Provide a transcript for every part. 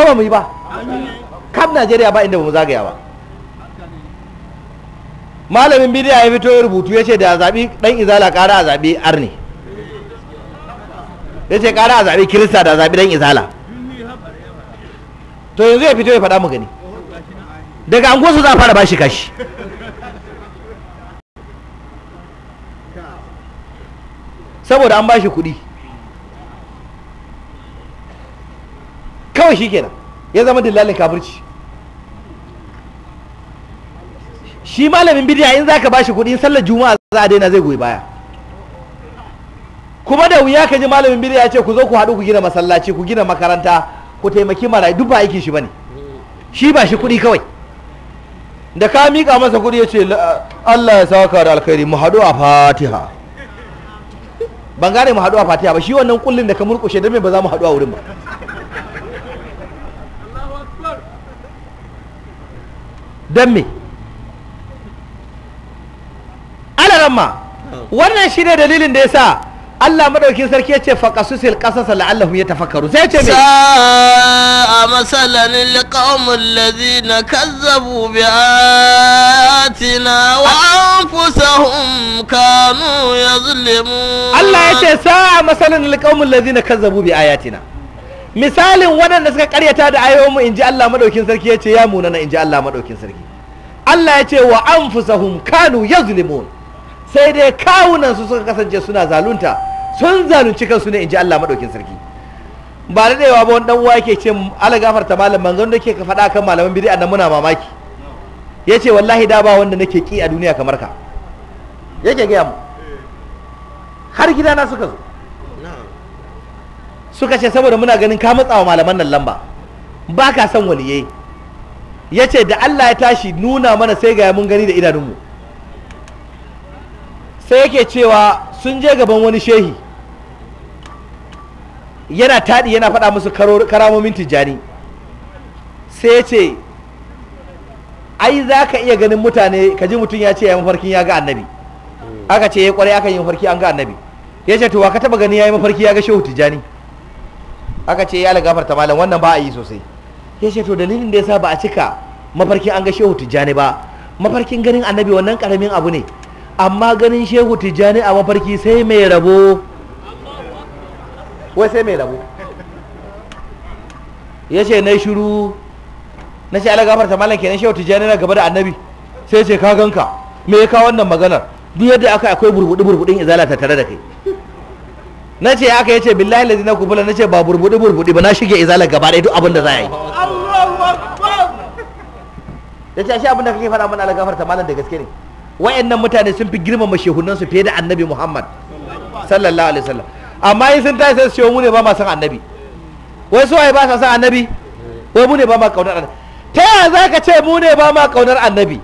ba ba mu yi ba kam najeriya ba inda ba mu zagaya ba malamin bidiya ya fito ya rubutu ya ce da zaɓi ɗan izala ƙara a zaɓi arni ya ce ƙara a zaɓi kirista da zaɓi ɗan izala to yanzu ya fito ya faɗa mu gani daga gosu za a fara bashi kashi saboda an bashi kuɗi kawai shi kenan ya zama dillalin kafirci shi malamin bidiya in zaka bashi kuɗi in sallar juma'a za a daina zai goyi baya kuma da wuya ka ji malamin bidiya ya ce ku zo ku haɗu ku gina masallaci ku gina makaranta ku taimaki marayu duk ba aikin shi bane shi ba shi kuɗi kawai da ka miƙa masa kuɗi ya ce Allah ya saka da alkhairi mu haɗu a fatiha ban gane mu haɗu a fatiha ba shi wannan kullun da ka murƙushe don me ba za mu haɗu a wurin ba don me alaramma wannan shi ne dalilin da ya sa Allah madaukin sarki yace fa qasusil qasas ya yatafakkaru sai ce me sa'a masalan liqaumil ladina kazzabu bi ayatina wa anfusahum kanu ya yazlimun Allah ya ce sa'a masalan liqaumil ladina kazzabu bi ayatina misalin waɗanda suka karyata da ayoyinmu in ji Allah maɗaukin sarki ya ce ya munana in ji Allah maɗaukin sarki Allah ya ce wa anfusahum kanu yazlimun sai dai kawunan su suka kasance suna zalunta sun zalunci kansu ne in ji Allah maɗaukin sarki ba da daewa ba wani wa uwa yake ce ala gafarta malam ban da ke ka faɗa kan malaman bid'a nan muna mamaki Ya ce wallahi da ba wanda nake ki a duniya kamar ka yake gaya mu har gidana suka zo suka ce saboda muna ganin ka matsawa malaman nan lamba ba ka son waliyai ya ce da Allah ya tashi nuna mana sai ga mun gani da idanunmu sai yake cewa sun je gaban wani shehi yana taɗi yana faɗa musu karamomin tijjani sai ya ce ai za ka iya ganin mutane ka ji mutum ya ce ya mafarkin ya ga annabi aka ce ya eh, kwarai aka yi mafarki an ga annabi ya ce to wa ka taɓa gani ya yi mafarki ya ga shehu tijjani aka ce ya ta malam wannan ba a yi sosai ya ce to dalilin da ya sa ba a cika mafarkin an ga shehu tijjani ba mafarkin ganin annabi wannan karamin abu ne amma ganin shehu tijjani a mafarki sai mai rabo wai sai mai rabo ya ce na shiru na ce ala gafarta malam kenan shehu tijjani na gaba da annabi sai ce ka ganka me ya kawo wannan maganar duk yadda aka akwai burbuɗi burbuɗin izala ta tare da kai na ce aka yace billahi lazi na kubula na ce ba burbudi burbudi ba na shige izala gaba ɗaya duk abin da za a yi ya ce shi abin da kake faɗa mana ala gafarta malam da gaske ne wayannan mutane sun fi girmama shehunan su fiye da annabi muhammad sallallahu alaihi wasallam amma in sun tashi sai su mu ne ba ma san annabi wai su waye ba sa san annabi wai mu ne ba ma kaunar annabi ta yaya za ka ce mu ne ba ma kaunar annabi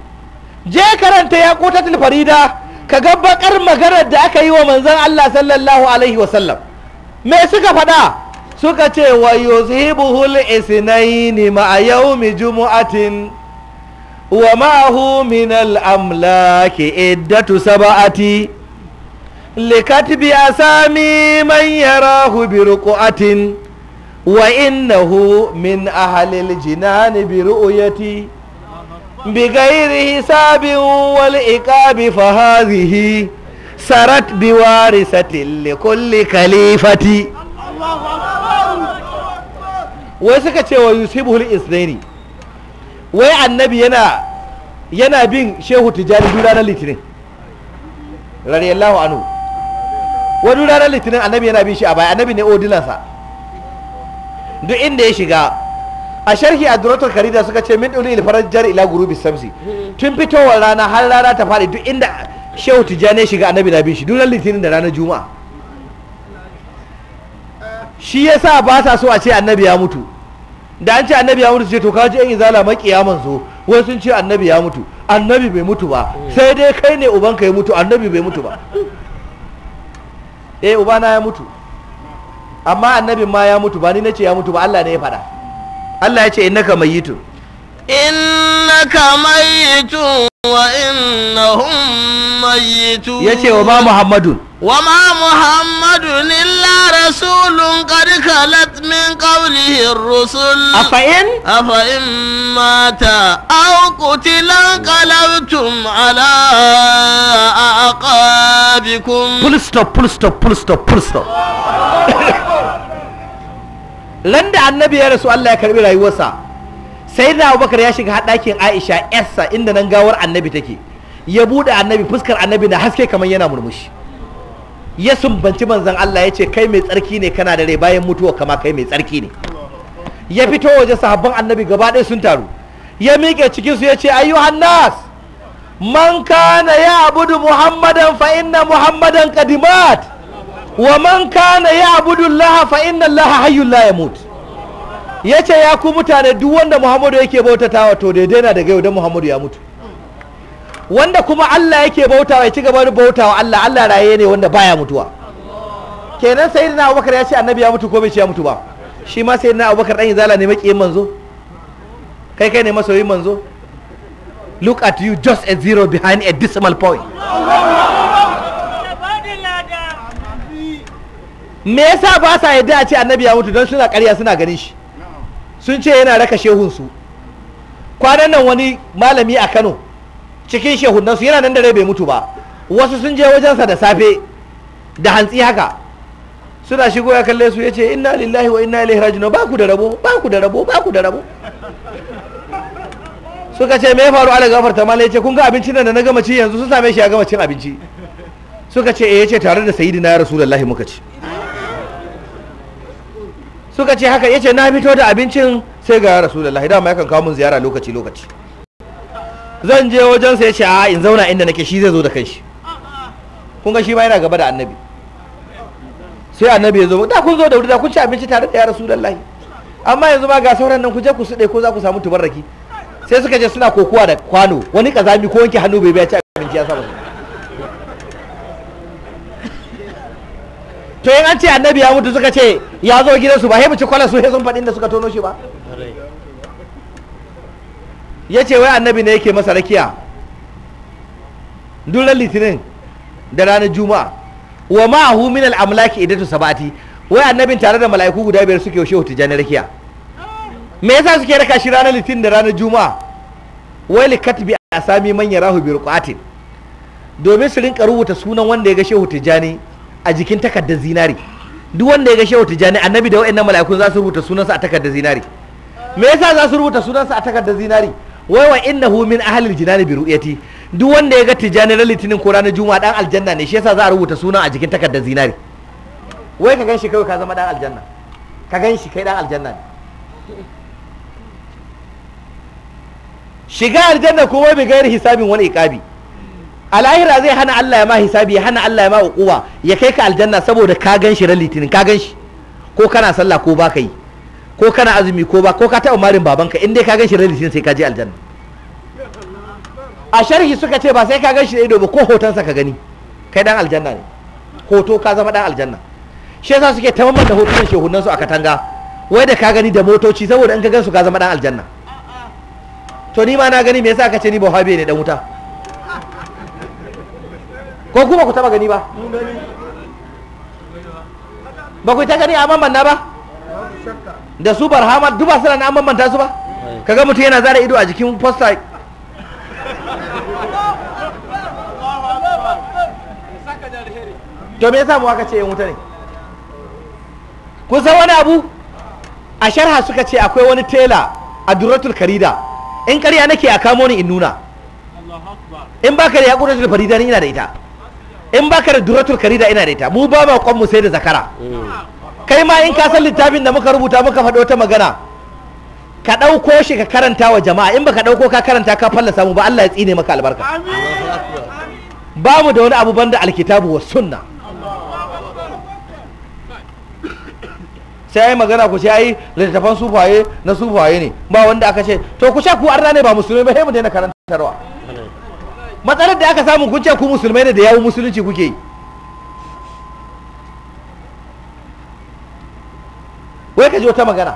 je karanta ya kutatul farida ka ga baƙar maganar da aka yi wa manzon Allah sallallahu alaihi wasallam me suka faɗa suka ce wa yuzhibuhul isnaini ma'a yawmi jumu'atin wa ma'ahu min al-amlaki iddatu sab'ati likatbi asami man yarahu bi ruqatin wa innahu min ahli al-jinani bi ru'yati بغير حساب والعقاب فهذه سرت بوارثة لكل كليفة wai suka ce wa Yusuf yusibul isnaini wai annabi yana yana bin shehu tijjani duk ranar litinin radiyallahu anhu wa duk ranar litinin annabi yana bin shi a baya annabi ne odilansa duk inda ya shiga a sharhi a duratul karida suka ce min ilfarar jar ila gurubi samsi tun fitowar rana har rana ta fadi duk inda shehu tijjani shiga annabi na bin shi duk litinin da ranar juma'a shi ya sa ba sa so a ce annabi ya mutu da an ce annabi ya mutu ce to kaji yan izala makiyaman zo wai sun ce annabi ya mutu annabi bai mutu ba sai dai kai ne ubanka ya mutu annabi bai mutu ba eh ubana ya mutu amma annabin ma ya mutu ba ni nace ya mutu ba Allah ne ya faɗa Allah ya ce innaka mayitu innaka mayitu wa innahum mayitu yace wa ma muhammadun wa ma muhammadun illa rasulun qad khalat min qawlihi ar-rusul afa in afa in mata aw qutila qalabtum ala aqabikum full stop full stop full stop full stop Landa annabi ya rasu Allah ya karbi rayuwarsa sai da abubakar ya shiga haɗakin aisha yarsa inda nan gawar annabi take ya buɗe annabi fuskar annabi na haske kamar yana murmushi ya sumbanci manzon Allah ya ce kai mai tsarki ne kana da rai bayan mutuwa kama kai mai tsarki ne ya fito waje sahabban annabi gaba ɗaya sun taru ya miƙe cikinsu ya ce ayyuhan hannas man kana ya abudu muhammadan fa inna muhammadan kadimat wa man kana ya'budu Allah fa inna Allah hayyul mutu. Ya yace ya ku mutane duk wanda Muhammadu yake bautatawa to daidai na daga yau dan Muhammadu ya mutu wanda kuma Allah yake bautawa ya ci gaba da bautawa Allah Allah raye ne wanda baya mutuwa kenan sayyidina Abubakar ya ce annabi ya mutu ko bai ce ya mutu ba shi ma sayyidina Abubakar dan zala ne yin manzo kai kai ne masoyin manzo look at you just a zero behind a decimal point me yasa ba sa yadda a ce annabi ya mutu don suna karya suna ganin shi sun ce yana raka shehunsu kwanan nan wani malami a kano cikin shehunansu yana nan da rai bai mutu ba wasu sun je wajensa da safe da hantsi haka suna shigo ya kalle su ya ce inna lillahi wa inna ilaihi rajiun ba ku da rabo ba ku da rabo ba ku da rabo suka ce me ya faru ala gafarta mala ya ce kun ga abincin nan da na gama ci yanzu sun same shi ya gama cin abinci suka ce eh ya ce tare da sayyidina ya rasulullahi muka ci suka ce haka yace na fito da abincin sai ga rasulullahi dama yakan kawo mun ziyara lokaci lokaci zan je wajen sa yace a in zauna inda nake shi zai zo da kanshi kun ga shi ba yana gaba da annabi sai annabi ya zo da kun zo da wuri da kun ci abinci tare da ya rasulullahi amma yanzu ma ga sauran nan ku je ku suɗe ko za ku samu tubarraki sai suka je suna kokowa da kwano wani kazami ko wanke hannu bai bai ci abinci ya samu to in an ce annabi ya mutu suka ce ya zo gidansu ba mu ci kwalar su sun faɗin da suka tono shi ba ya ce wai annabi ne yake masa rakiya duran litinin da ranar juma'a wa ma'ahu min al'amlaki idatu sabati wai annabin tare da mala'iku guda biyar suke yaushe hutu jani rakiya me yasa suke raka shi ranar litinin da ranar juma'a wai likatbi a sami rahu Rahu bi domin su rinka rubuta sunan wanda ya ga shehu tijjani a jikin takardar zinari duk wanda ya ga shehu tijjani annabi da wa'annan mala'ikun za su rubuta sunansa a takardar zinari me yasa za su rubuta sunansa a takardar zinari wai wa innahu min ahlil jinani bi ru'yati duk wanda ya ga tijjani na litinin ko ranar juma'a dan aljanna ne shi yasa za a rubuta sunan a jikin takardar zinari wai ka gan shi kawai ka zama dan aljanna ka gan shi kai dan aljanna ne shiga aljanna ko wai bi gairi hisabin wani iqabi a lahira zai hana Allah ya ma hisabi ya hana Allah ya ma uquba ya kai ka aljanna saboda ka gan shi ran litinin ka gan shi ko kana sallah ko ba ka yi ko kana azumi ko ba ko ka taɓa marin babanka in dai ka gan shi ran litinin sai ka je aljanna a sharhi suka ce ba sai ka gan shi da ido ba ko hotonsa ka gani kai dan aljanna ne hoto ka zama dan aljanna shi yasa suke ta da hotunan shehunan su a katanga wai da ka gani da motoci saboda in ka gan su ka zama dan aljanna to ni ma na gani me yasa ka ce ni ba ne dan wuta ko kuma ku taba gani ba ba ku ta gani a mamanta ba da su barhama duba suna na an su ba kaga mutum yana zara ido a jikin posta to me yasa mu aka ce yan wuta ne kun san wani abu a sharha suka ce akwai wani tela a duratul karida in karya nake a kamo ni in nuna in ba ka da ya ƙudatul farida ni ina da ita in baka da duratul karida ina da ita mu ba bakon mu sai da zakara kai ma in ka san littafin da muka rubuta muka faɗo ta magana ka ɗauko shi ka karanta wa jama'a in baka ɗauko ka karanta ka fallasa mu ba Allah ya tsine maka albarka ba mu da wani abu banda alkitabu wa sunna sai ai magana ku sai ai littattafan sufaye na sufaye ne ba wanda aka ce to ku sha ku arna ne ba musulmi ba sai mu daina karantarwa matsalar da aka samu kun ce ku musulmai ne da yawo musulunci kuke yi wai ka ji wata magana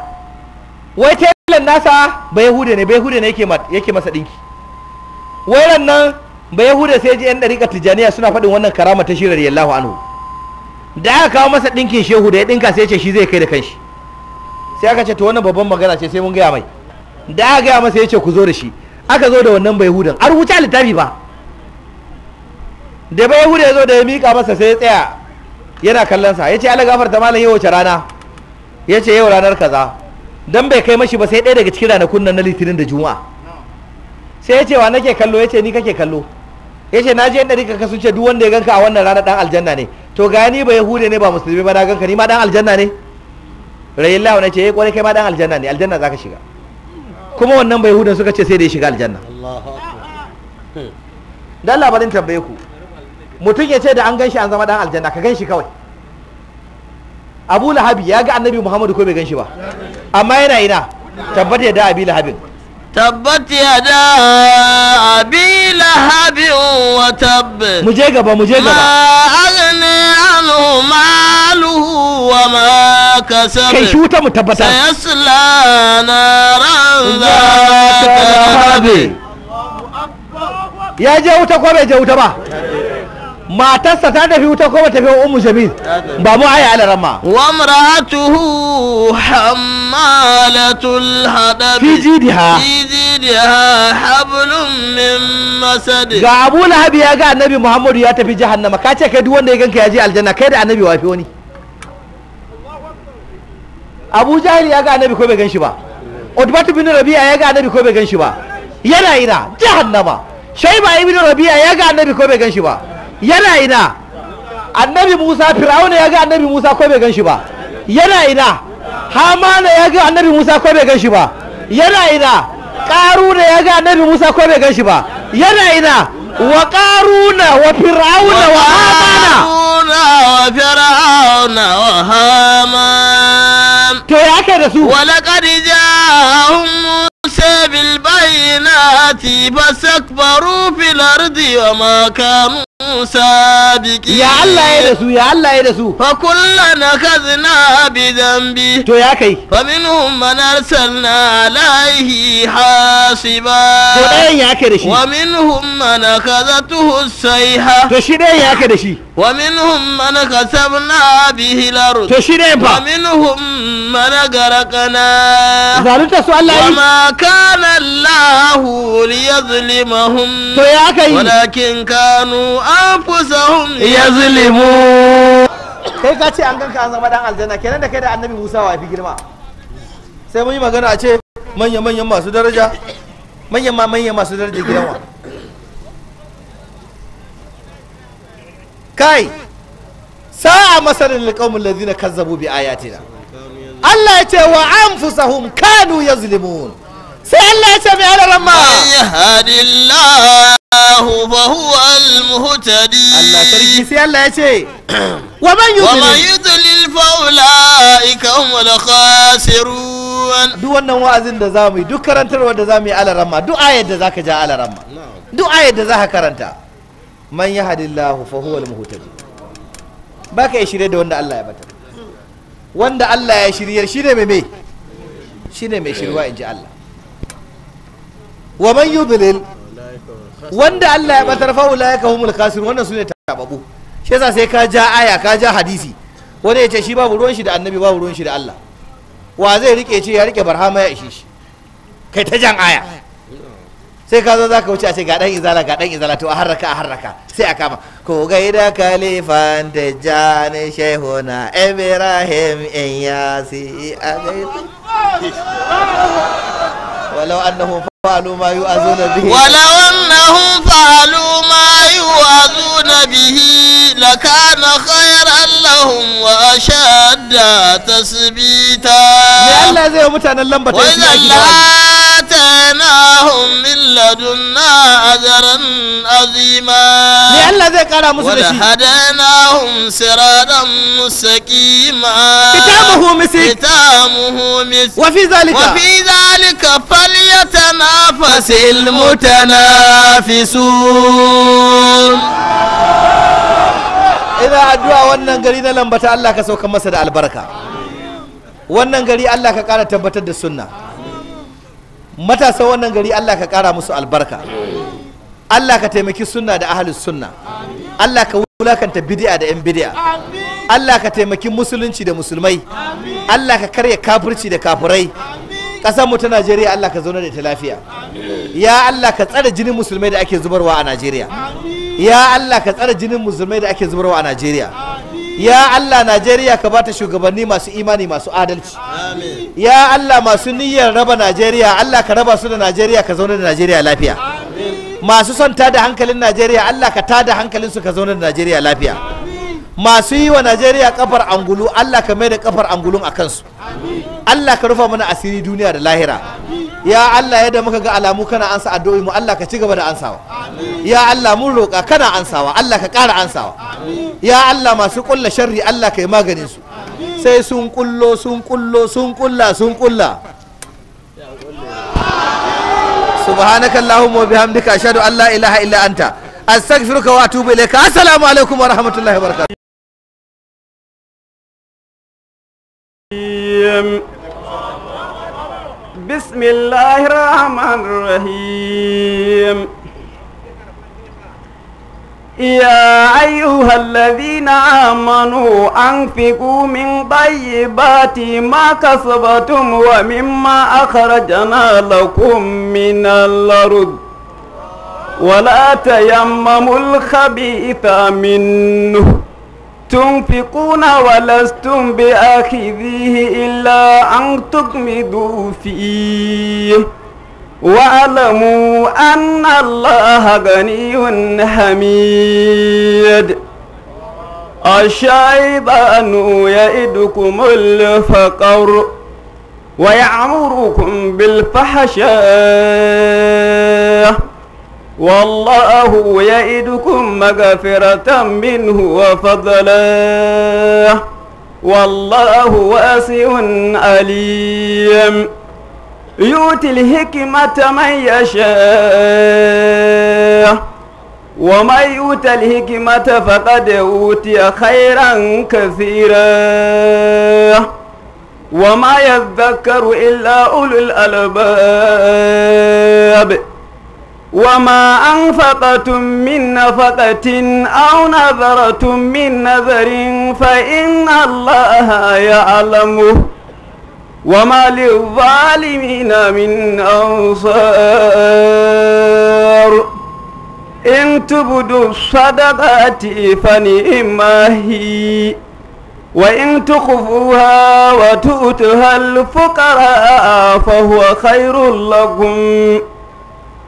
wai telan nasa ba yahude ne ba yahude ne yake masa dinki wai ran nan ba yahude sai ji yan dariƙa tijaniya suna faɗin wannan karama ta shirar yallahu anhu da aka kawo masa dinkin shehu da ya dinka sai ce shi zai kai da kanshi sai aka ce to wannan babban magana ce sai mun gaya mai da aka gaya masa ya ce ku zo da shi aka zo da wannan bai hudan an rubuta littafi ba da bai hude ya zo da ya miƙa masa sai ya tsaya yana kallon sa yace Allah gafarta malam yau wace rana yace yau ranar kaza dan bai kai mashi ba sai ɗaya daga cikin ranakun nan na litinin da juma'a sai yace wa nake kallo yace ni kake kallo yace na je yadda rika ka sun ce duk wanda ya ganka a wannan rana dan aljanna ne to ga ni ba yahude ne ba musulmi ba na ganka ni ma dan aljanna ne rayillahu ne ce eh kwarai kai ma dan aljanna ne aljanna zaka shiga kuma wannan bai yahudan suka ce sai da ya shiga aljanna Allahu akbar dan labarin tambaye ku mutum ya ce da an ganshi an zama dan aljanna ka ganshi kawai abu lahabi ya ga annabi muhammadu ko bai ganshi ba amma yana ina tabbata ya da abi lahabin tabbat ya da abi lahabi wa tabb mu je gaba mu je gaba ma alni anhu maluhu wa ma kasab kai shuta mu tabbata sayasla naran zata lahabi ya je wuta ko bai je wuta ba matarsa ta tafi wuta ko ba tafi ummu jamil ba mu aya ala rama wa mar'atuhu hammalatul hadab fi jidha fi jidha hablum min masad ga Abu lahabi ya ga Annabi Muhammadu ya tafi jahannama ka ce kai duk wanda ya ganka ya je aljanna kai da Annabi wafi wani Abu Jahil ya ga Annabi ko bai ganshi ba Utbatu bin Rabi'a ya ga Annabi ko bai ganshi ba yana ina jahannama Shaiba ibn Rabi'a ya ga Annabi ko bai ganshi ba yana ina annabi musa Firawuna ya ga annabi musa ko bai gan shi ba yana ina hamana ya ga annabi musa ko bai gan shi ba yana ina ƙaruna ya ga annabi musa ko bai gan shi ba yana ina wa ƙaruna wa fir'auna wa hamana to ya ake da su wa laqad ja'ahum musa bil bayinati fastakbaru fil ardi wa ma kanu sabiki ya Allah ya da su ya Allah ya da su fa kullana kazna bi dhanbi to ya kai fa minhum man arsalna alaihi hasiba to ɗayan ya kai da shi wa minhum man kazatuhu sayha to shi ɗayan ya kai da shi wa minhum man kasabna bihi al to shi ɗayan fa wa minhum man garaqna zalunta su Allah yi wa ma kana Allah liyazlimahum to ya kai walakin kanu anfusahum yazlimu kai ka ce an ganka an zama dan aljanna kenan da kai da annabi Musa wa fi girma sai mun yi magana a ce manya manyan masu daraja manyan ma manyan masu daraja girma. kai sa'a masarin liqaumul ladina kazzabu bi ayatina Allah ya ce wa anfusahum kanu yazlimun sai Allah ya ce mai alaran ma yahdillahu fa huwa al-muhtadi Allah sarki sai Allah ya ce wa man yudlil fa ulaika humul khasirun duk wannan wa'azin da za mu yi duk karantarwa da za mu yi ala ramma duk ayar da zaka ja ala ramma duk ayar da zaka karanta man yahdillahu fa huwa al-muhtadi baka yi shirye da wanda Allah ya bata wanda Allah ya shiryar shine mai mai shine mai shirwa inji Allah wa man yudlil wanda Allah ya batar fa ulaika humul kasirun wannan sune tababu shi yasa sai ka ja aya ka ja hadisi wani ya ce shi babu ruwan shi da annabi babu ruwan shi da Allah wa zai rike ce ya rike barhama ya ishe shi kai ta jan aya sai ka zo za ka wuce a ce ga dan izala ga dan izala to a harraka a harraka sai a kama ko ida kalifan da jani shehuna ibrahim in yasi a gaida walau annahu فعلوا ما يؤذون به ولو أنهم فعلوا لكان خيرا لهم وأشد تثبيتا وإذا لآتيناهم من لدنا أجرا عظيما ولهديناهم صراطا مستقيما ختامه مسك ختامه مسك وفي ذلك وفي ذلك فليتنافس المتنافسون ina addu'a wannan gari na lambata Allah ka sauka masa da albarka wannan gari Allah ka kara tabbatar da sunna matasa wannan gari Allah ka kara musu albarka Allah ka taimaki sunna da ahlus sunna Allah ka wulakanta bid'a da yan bid'a Allah ka taimaki musulunci da musulmai Allah ka karya kafirci da kafurai ƙasar mu ta Najeriya Allah ka zauna da ta lafiya ya Allah ka tsare jinin musulmai da ake zubarwa a Najeriya ya Allah ka tsara jinin musulmai da ake zubarwa a Najeriya ya Allah Najeriya ka bata shugabanni masu imani masu adalci ya Allah masu niyyar raba Najeriya Allah ka raba su da Najeriya ka zauna da Najeriya lafiya masu son tada hankalin Najeriya Allah ka tada hankalin su ka zauna da Najeriya lafiya masu yi wa najeriya kafar angulu allah ka mai da kafar angulun a kansu allah ka rufa mana asiri duniya da lahira ya allah yadda muka ga alamu kana ansa addu'o'i mu allah ka ci gaba da ansawa ya allah mun roƙa kana ansawa allah ka ƙara ansawa ya allah masu ƙulla sharri allah ka yi maganin su sai sun kullo sun kullo sun kulla sun kulla subhanakallahumma wa bihamdika ashhadu an la ilaha illa anta astaghfiruka wa atubu ilayka assalamu alaikum wa rahmatullahi wa barakatuh الرحيم بسم الله الرحمن الرحيم يا أيها الذين آمنوا أنفقوا من طيبات ما كسبتم ومما أخرجنا لكم من الأرض ولا تيمموا الخبيث منه تنفقون ولستم بآخذيه إلا أن تكمدوا فيه واعلموا أن الله غني حميد الشيطان يئدكم الفقر ويعمركم بالفحشاء والله يعدكم مغفرة منه وفضلا والله واسع عليم يؤتي الحكمة من يشاء ومن يؤت الحكمة فقد أوتي خيرا كثيرا وما يذكر إلا أولو الألباب وما أنفقتم من نفقة أو نذرتم من نذر فإن الله يعلمه وما للظالمين من أنصار إن تبدوا الصدقات فنئمه وإن تخفوها وتؤتها الفقراء فهو خير لكم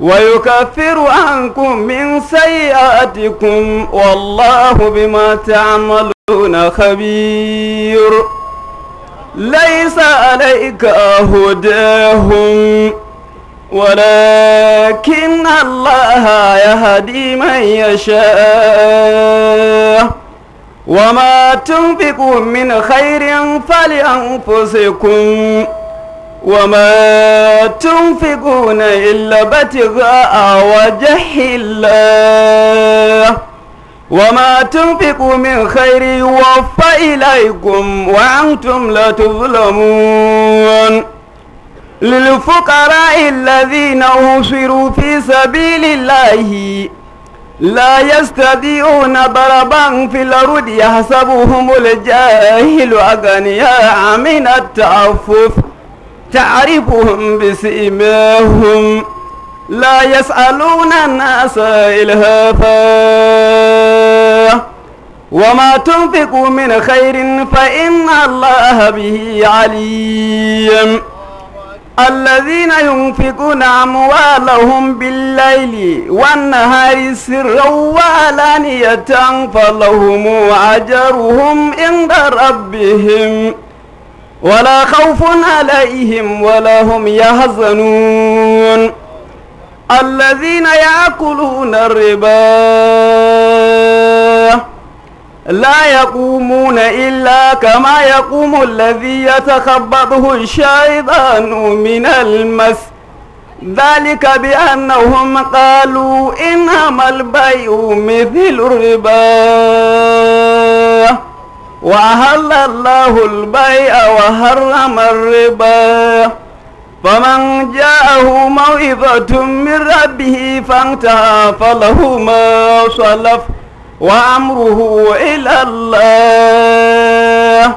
ويكفر عنكم من سيئاتكم والله بما تعملون خبير ليس عليك هداهم ولكن الله يهدي من يشاء وما تنفقوا من خير فلأنفسكم وما تنفقون إلا ابتغاء وجه الله وما تنفقوا من خير يوفى إليكم وأنتم لا تظلمون للفقراء الذين أوصروا في سبيل الله لا يستطيعون ضربا في الأرض يحسبهم الجاهل أغنياء من التعفف تعرفهم بسيماهم لا يسألون الناس إلهافا وما تنفقوا من خير فإن الله به عليم الذين ينفقون أموالهم بالليل والنهار سرا وعلانية فلهم أجرهم عند ربهم ولا خوف عليهم ولا هم يحزنون الذين يأكلون الربا لا يقومون إلا كما يقوم الذي يتخبطه الشيطان من المس ذلك بأنهم قالوا إنما البيع مثل الربا وأهل الله البيع وحرم الربا فمن جاءه موعظة من ربه فانتهى فله ما سلف وأمره إلى الله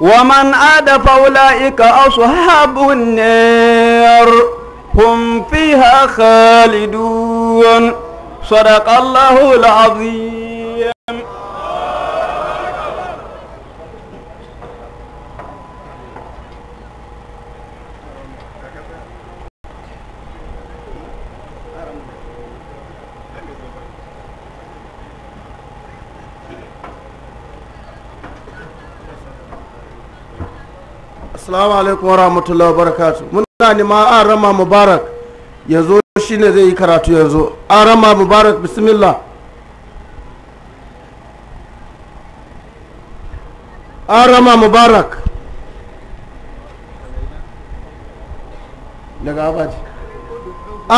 ومن عاد فأولئك أصحاب النار هم فيها خالدون صدق الله العظيم Salamu alaikum wa rahmatullahi wa barakatu. Muna nima an rama Mubarak yanzu shi ne zai yi karatu yanzu. An rama Mubarak bismillah. An rama Mubarak. Daga abaji.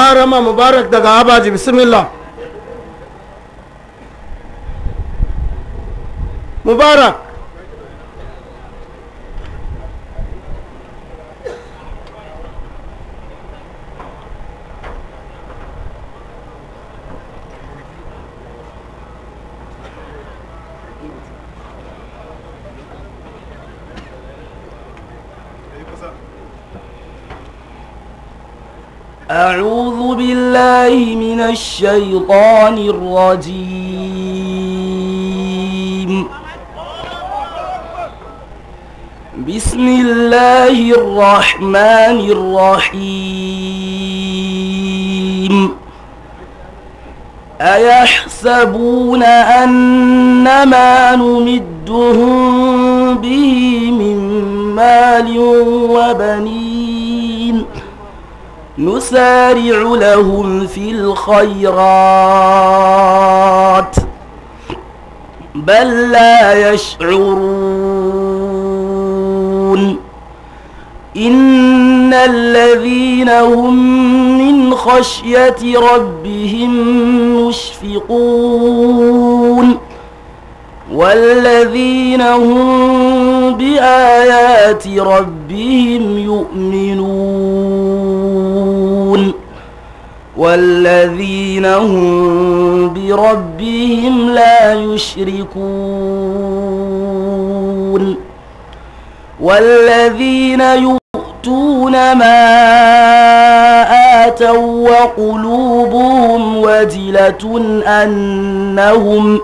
An rama Mubarak daga abaji bismillah. Mubarak. بالله من الشيطان الرجيم بسم الله الرحمن الرحيم أيحسبون أنما نمدهم به من مال وبنين نسارع لهم في الخيرات بل لا يشعرون إن الذين هم من خشية ربهم مشفقون والذين هم بآيات ربهم يؤمنون والذين هم بربهم لا يشركون والذين يؤتون ما آتوا وقلوبهم وجلة أنهم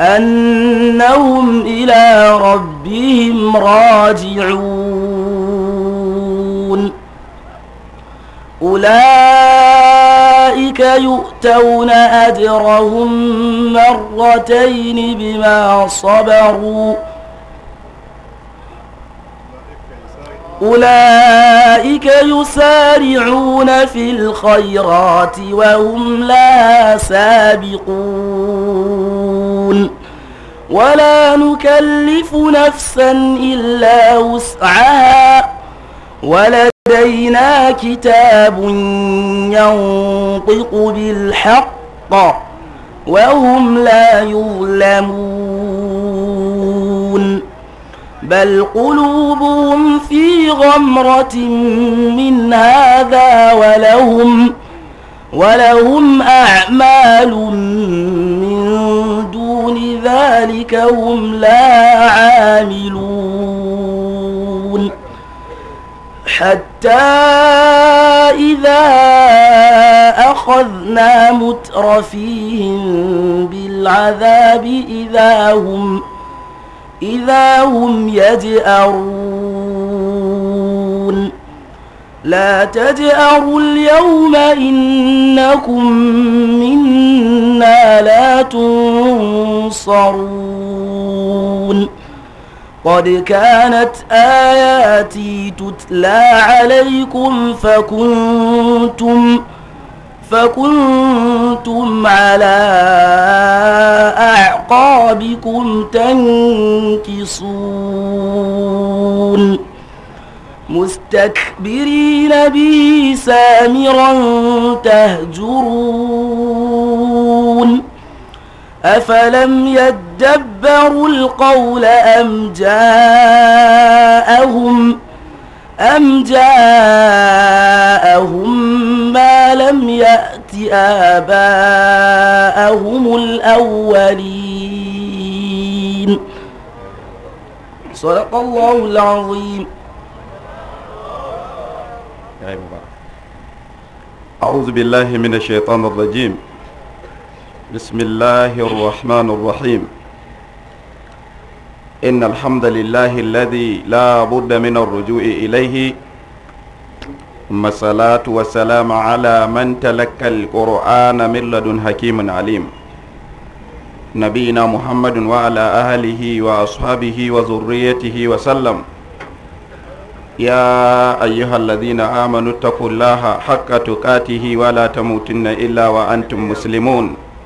أنهم إلى ربهم راجعون أولئك أولئك يؤتون أجرهم مرتين بما صبروا أولئك يسارعون في الخيرات وهم لا سابقون ولا نكلف نفسا إلا وسعها ولا لدينا كتاب ينطق بالحق وهم لا يظلمون بل قلوبهم في غمرة من هذا ولهم ولهم أعمال من دون ذلك هم لا عاملون حتى إذا أخذنا مترفيهم بالعذاب إذا هم إذا هم يجأرون لا تجأروا اليوم إنكم منا لا تنصرون قد كانت آياتي تتلى عليكم فكنتم فكنتم على أعقابكم تنكصون مستكبرين به سامرا تهجرون أفلم يدبروا القول أم جاءهم أم جاءهم ما لم يأت آباءهم الأولين صدق الله العظيم أعوذ بالله من الشيطان الرجيم بسم الله الرحمن الرحيم إن الحمد لله الذي لا بد من الرجوع إليه ثم الصلاة والسلام على من تلك القرآن من لدن حكيم عليم نبينا محمد وعلى أهله وأصحابه وذريته وسلم يا أيها الذين آمنوا اتقوا الله حق تقاته ولا تموتن إلا وأنتم مسلمون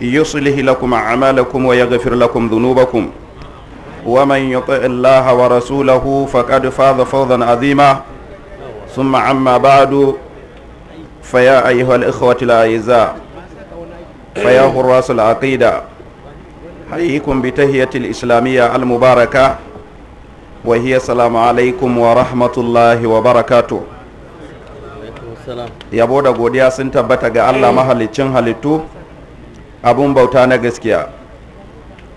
يصلح لكم أعمالكم ويغفر لكم ذنوبكم ومن يطع الله ورسوله فقد فاز فوزا عظيما ثم عما بعد فيا أيها الإخوة الأعزاء فيا حراس العقيدة حييكم بتهية الإسلامية المباركة وهي السلام عليكم ورحمة الله وبركاته yabo da godiya sun tabbata ga Allah mahaliccin halittu abun bauta na gaskiya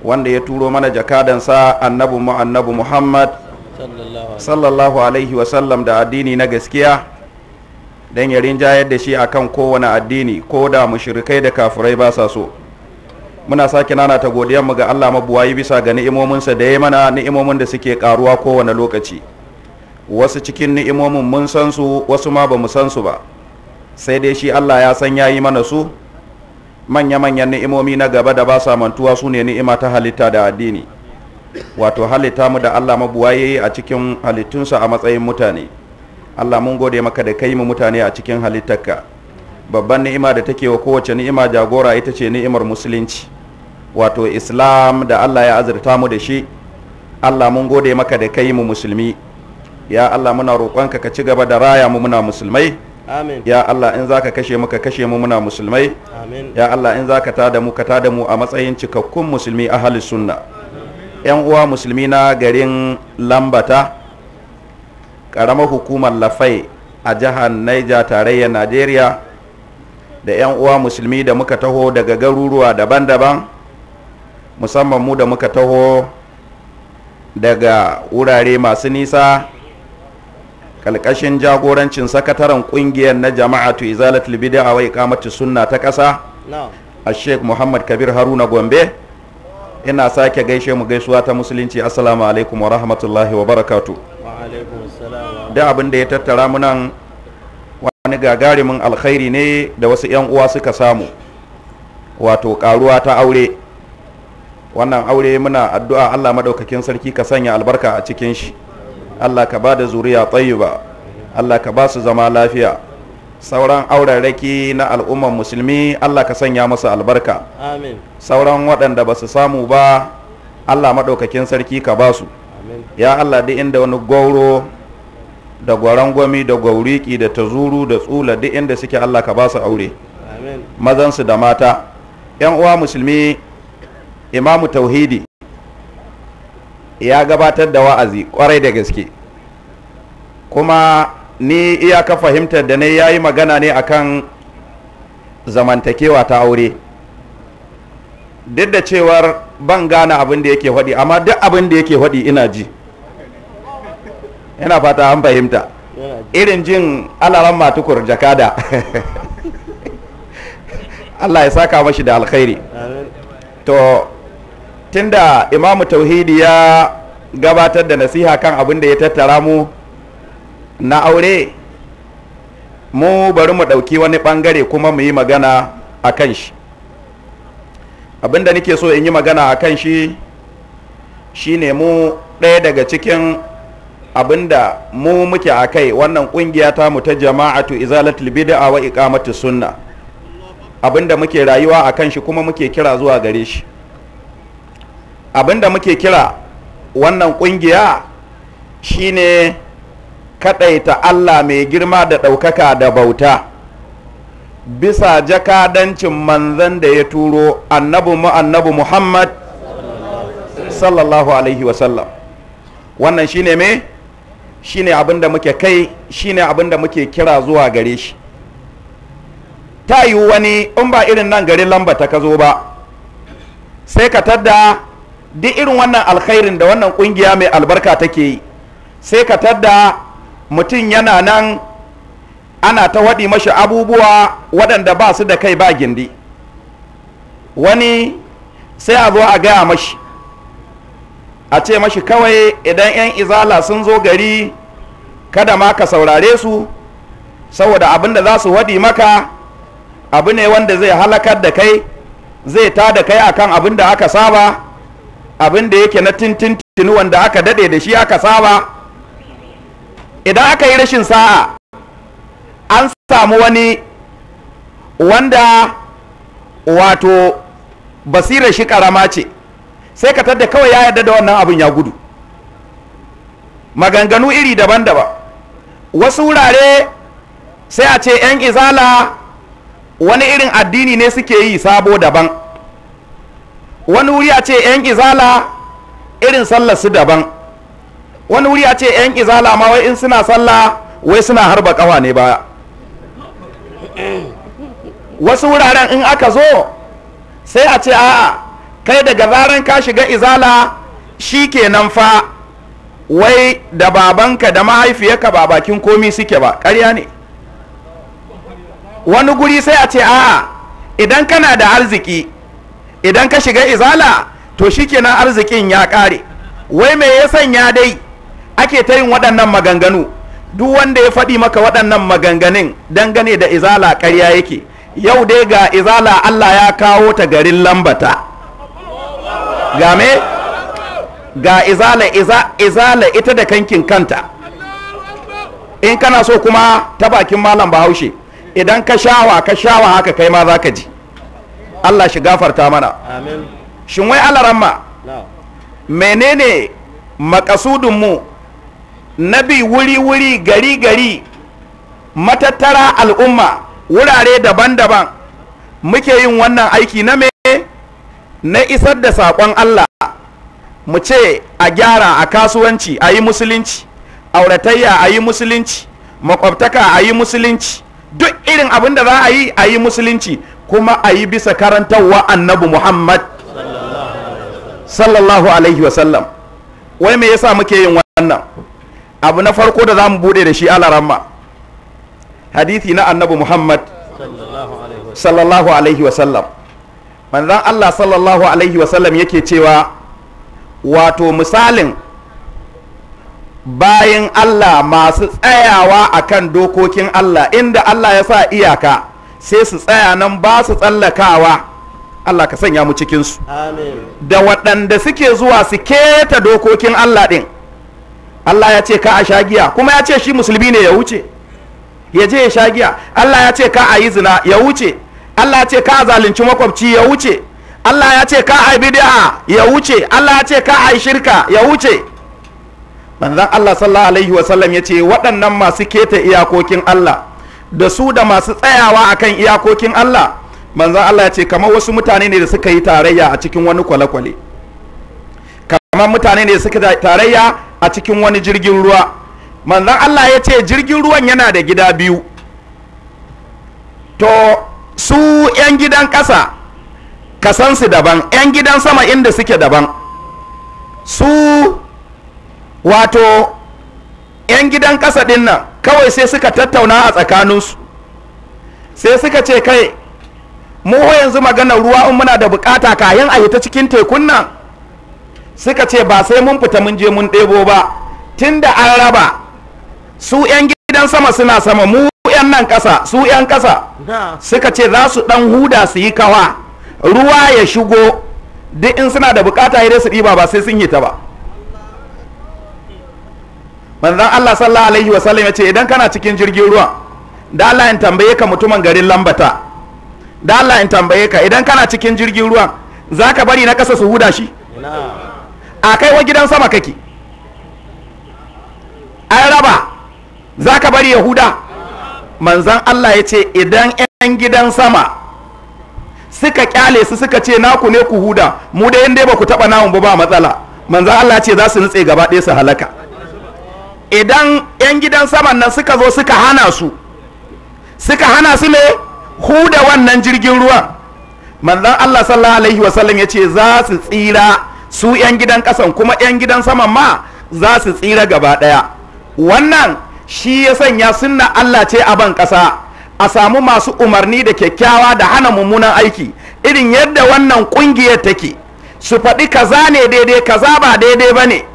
wanda ya turo mana jakadansa annabu mu annabu muhammad sallallahu alaihi wasallam da addini na gaskiya don ya rinjayar da shi akan kowane addini ko da mushrikai da kafirai ba sa so muna sake nanata mu ga allah mabuwayi bisa ga ni'imominsa da ya mana ni'imomin da suke karuwa kowane lokaci wasu cikin ni'imomin mun san su wasu ma ba mu san su ba sai dai shi allah ya san ya yi mana su manya-manyan ni'imomi na gaba da ba sa mantuwa su ne ni'ima ta halitta da addini wato halitta mu da Allah mabuwa yi a cikin halittunsa a matsayin mutane Allah mun gode maka da kai mu mutane a cikin halittarka babban ni'ima da take wa kowace ni'ima jagora ita ce ni'imar musulunci wato islam da Allah ya azurta mu da shi Allah mun gode maka da kai mu musulmi ya Allah muna roƙonka ka ci gaba da raya mu muna musulmai ya Allah in zaka kashe mu ka kashe mu muna musulmai ya Allah in zaka tada mu ka tada mu a matsayin cikakkun musulmi ahli sunna yan uwa musulmi na garin Lambata ƙaramar hukumar Lafai a jihar Niger tarayyar Najeriya da yan uwa musulmi da muka taho daga garuruwa daban-daban musamman mu da muka taho daga wurare masu nisa kalkashin jagorancin sakataren kungiyar na jama'atu izalatul bid'a wa iqamatu sunna ta kasa a sheikh muhammad kabir haruna gombe ina sake gaishe mu gaisuwa ta musulunci assalamu alaikum wa rahmatullahi wa barakatu da abin da ya tattara mu nan wani gagarumin alkhairi ne da wasu 'yan uwa suka samu wato karuwa ta aure wannan aure muna addu'a allah maɗaukakin sarki ka sanya albarka a cikin shi Allah ka ba da zuriya ba. Allah ka ba su zama lafiya sauran raki na al'ummar musulmi Allah ka sanya masa albarka amin sauran waɗanda ba su samu ba Allah maɗaukakin sarki ka ba su ya Allah duk inda wani gauro da gwami da gwauriki da tazuru da tsula duk inda suke Allah ka ba su aure mazansu da mata yan uwa musulmi imamu tauhidi ya gabatar da wa'azi kwarai da gaske kuma ni iyaka fahimtar da ne ya yi magana ne akan zamantakewa ta aure duk da cewar ban gane abin da yake faɗi amma duk abin da yake faɗi ina ji yana fata an fahimta irin jin alaran matukur jakada Allah ya saka mashi da alkhairi to tunda imamu tauhidi ya gabatar da nasiha kan abin da ya tattara mu na aure mu bari mu ɗauki wani ɓangare kuma mu yi magana a kan shi abin da nake so in yi magana a kan shi shi ne mu ɗaya daga cikin abin da mu muke a kai wannan ƙungiya ta mu ta jama'atu izalatul bid'a wa iqamatu sunna abin da muke rayuwa a kan shi kuma muke kira zuwa gare shi abinda muke kira wannan kungiya shine kadaita Allah mai girma da ɗaukaka da bauta bisa jakadancin manzan da ya turo annabi mu annabi Muhammad sallallahu alaihi wasallam wannan shine me shine abinda muke kai shine abinda muke kira zuwa gare shi ta yi wani in ba irin nan garin lamba ta ka zo ba sai ka tadda duk irin wannan alkhairin da wannan kungiya mai albarka take yi sai ka tadda mutum yana nan ana ta waɗi mashi abubuwa waɗanda ba su da kai ba gindi wani sai a zo a gaya mashi a ce mashi kawai idan 'yan izala sun zo gari kada ma ka saurare su saboda abin da za su waɗi maka abu ne wanda zai halakar da kai zai ta da kai akan abin da aka saba abin da yake na tintin wanda aka dade da shi aka saba idan aka yi rashin sa'a an samu wani wanda wato basirar shi karama ce sai ka tadda kawai ya yarda da wannan abin ya gudu maganganu iri daban-daban wasu wurare sai a ce 'yan izala wani irin addini ne suke yi sabo daban wani wuri a ce yan izala irin sallar su daban wani wuri a ce yan izala ma wai in suna sallah wai suna harba kawa ne baya wasu wuraren in aka zo sai a ce a'a kai daga zaran ka shiga izala shi kenan fa wai da babanka da mahaifiyarka ba bakin komi suke ba ƙarya ne wani guri sai a ce a'a idan kana da arziki idan ka shiga izala to shikenan arzikin ya kare wai me ya sanya dai ake ta yin waɗannan maganganu duk wanda ya faɗi maka waɗannan maganganun dangane da izala ƙarya yake yau dai ga izala Allah ya kawo ta garin lambata ga ga izala izala ita da kankin kanta in kana so kuma ta bakin malam bahaushe idan ka shawa ka shawa haka kai ma za ka ji Allah shi gafarta mana shin wai alaramma menene na bi wuri-wuri gari-gari matattara al'umma wurare daban-daban muke yin wannan aiki na me na isar da saƙon Allah mu ce a gyara a kasuwanci a yi musulunci auratayya a yi musulunci makwabtaka a yi musulunci duk irin abin da za a yi a yi musulunci kuma a yi bisa karantarwa annabi muhammad sallallahu alaihi wasallam wai me yasa muke yin wannan abu na farko da za mu bude da shi alaramma hadithi na annabi muhammad sallallahu alaihi wasallam manzan allah sallallahu alaihi wasallam yake cewa wato misalin bayan allah masu tsayawa akan dokokin allah inda allah ya sa iyaka sai su tsaya nan ba su tsallakawa Allah ka sanya mu cikinsu da waɗanda suke zuwa su keta dokokin Allah ɗin Allah ya ce ka a shagiya kuma ya ce shi musulmi ne ya wuce ya je ya shagiya Allah ya ce ka a yi zina ya wuce Allah ya ce ka a zalunci makwabci ya wuce Allah ya ce ka a bid'a ya wuce Allah ya ce ka a yi shirka ya wuce manzon Allah sallallahu alaihi wasallam ya ce waɗannan masu keta iyakokin Allah da su da masu tsayawa akan iyakokin Allah manzan Allah ya ce kamar wasu mutane ne da suka yi tarayya a cikin wani kwale-kwale kamar mutane ne da suka yi tarayya a cikin wani jirgin ruwa manzan Allah ya ce jirgin ruwan yana da gida biyu to su 'yan gidan ƙasa kasansu daban 'yan gidan sama inda suke daban su wato 'yan gidan ƙasa ɗin nan kawai sai suka tattauna a tsakaninsu sai suka ce kai mu yanzu maganar ruwa in muna da bukata kayan a ta cikin tekun nan suka ce ba sai mun fita mun je mun ɗebo ba tunda an raba su 'yan gidan sama suna sama mu 'yan nan ƙasa su 'yan kasa suka ce za su ɗan huda su yi kawa ruwa ya shigo duk in suna da bukata ya su ɗiba ba sai sun yi ba manzon Allah sallallahu alaihi sallam ya ce idan kana cikin jirgin ruwa da Allah in tambaye ka mutumin garin lambata da Allah in tambaye ka idan kana cikin jirgin ruwan zaka bari na kasa su huda shi a kai wa gidan sama kake an raba zaka bari ya huda manzon Allah ya ce idan ɗan gidan sama suka kyale su suka ce naku ne ku huda mu da yanda ba ku taba namu ba ba matsala manzon Allah ce za su nutse gaba ɗaya su halaka idan 'yan gidan saman nan suka zo suka hana su suka hana su ne huda wannan jirgin ruwa manzon Allah sallallahu alaihi wasallam ya ce za su tsira su 'yan gidan kasan kuma 'yan gidan saman ma za su tsira gaba daya wannan shi ya sanya sunna Allah ce a ban ƙasa a samu masu umarni da kyakkyawa da hana mummunan aiki irin yadda wannan ƙungiyar take su faɗi kaza ne daidai kaza ba daidai ba ne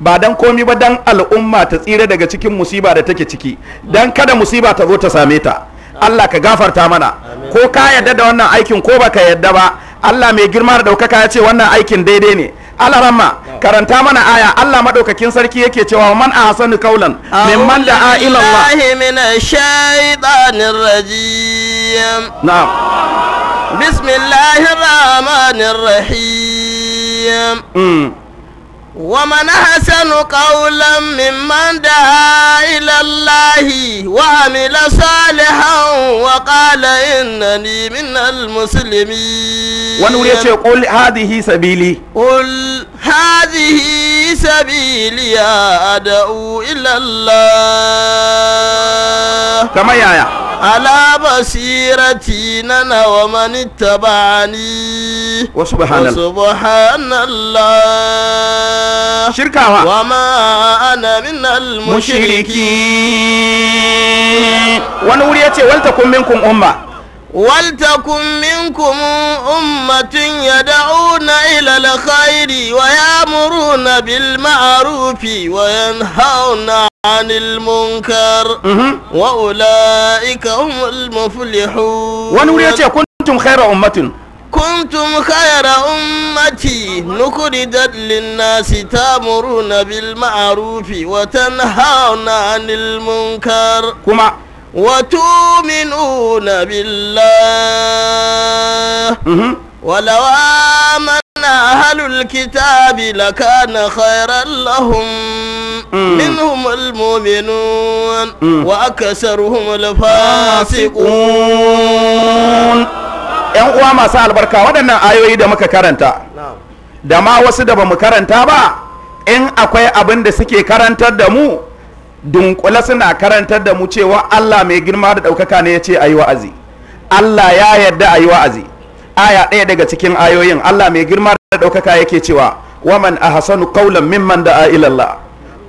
ba dan komi ba dan al'umma ta tsira daga cikin musiba da take ciki dan kada musiba ta zo ta same ta Allah ka gafarta mana ko ka yadda da wannan aikin ko baka yadda ba Allah mai girma da daukaka ya ce wannan aikin daidai ne allah ramma karanta mana aya Allah madaukakin sarki yake cewa man ahsanu qawlan mimman da'a ila Allah minash rajim na'am bismillahir rahmanir rahim mm. ومن أحسن قولا ممن دعا إلى الله وعمل صالحا وقال إنني من المسلمين ونقول قل هذه سبيلي قل هذه سبيلي أدعو إلى الله كما يا يا على بصيرتي أنا ومن اتبعني وسبحان, وسبحان الله shirkawa wa ma ana min al-mushriki wani wuri yace wal takum minkum umma wal ya minkum ummatun yad'una ila al-khairi wa ya'muruna bil ma'rufi wa yanhauna عن المنكر وأولئك هم المفلحون ونريد أن كنتم خير أمة كنتم خير أمتي نكرد للناس تأمرون بالمعروف وتنهون عن المنكر كما وتؤمنون بالله ولو آمن أهل الكتاب لكان خيرا لهم منهم المؤمنون وأكثرهم الفاسقون yan uwa masu albarka waɗannan ayoyi da muka karanta da ma wasu da bamu karanta ba in akwai abin da suke karantar da mu dunkule suna karantar da mu cewa Allah mai girma da ɗaukaka ne ya ce a yi wa'azi Allah ya yarda a yi wa'azi aya ɗaya daga cikin ayoyin Allah mai girma da ɗaukaka yake cewa waman a ahsanu kaulan mimman da ila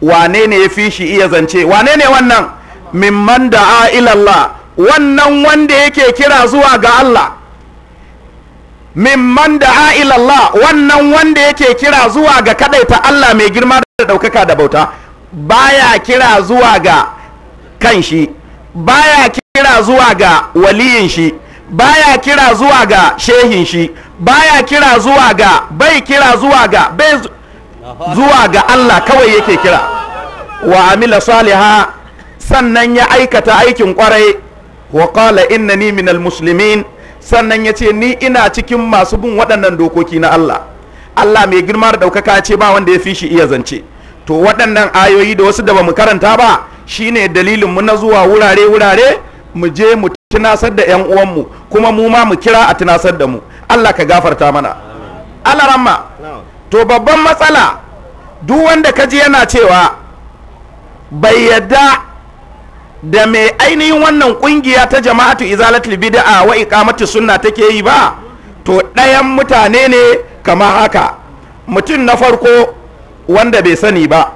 wane ne ya fi shi iya zance wane ne wannan mimman da ila wannan wanda yake kira zuwa ga Allah mimman da a'ilallah wannan wanda yake kira zuwa ga kadaita Allah mai girma da daukaka da bauta baya kira zuwa ga kanshi baya kira zuwa ga waliyin shi baya kira zuwa ga shehin shi baya kira zuwa ga bai kira zuwa ga bai zuwa ga Allah kawai yake kira wa amila saliha sannan ya aikata aikin kwarai wa qala innani minal muslimin sannan ya ce ni ina cikin masu bin waɗannan dokoki na Allah Allah mai girma da ɗaukaka ce ba wanda ya fi shi iya zance to waɗannan ayoyi da wasu da ba mu karanta ba shine dalilin mu na zuwa wurare wurare mu je mu tunasar da yan uwanmu kuma mu ma mu kira a tunasar da mu Allah ka gafarta mana alaramma to babban matsala duk wanda kaji yana cewa bai yadda da mai ainihin wannan kungiya ta jama'atu izalatul bid'a wa mata sunna take yi ba to ɗayan mutane ne kama haka mutum na farko wanda bai sani ba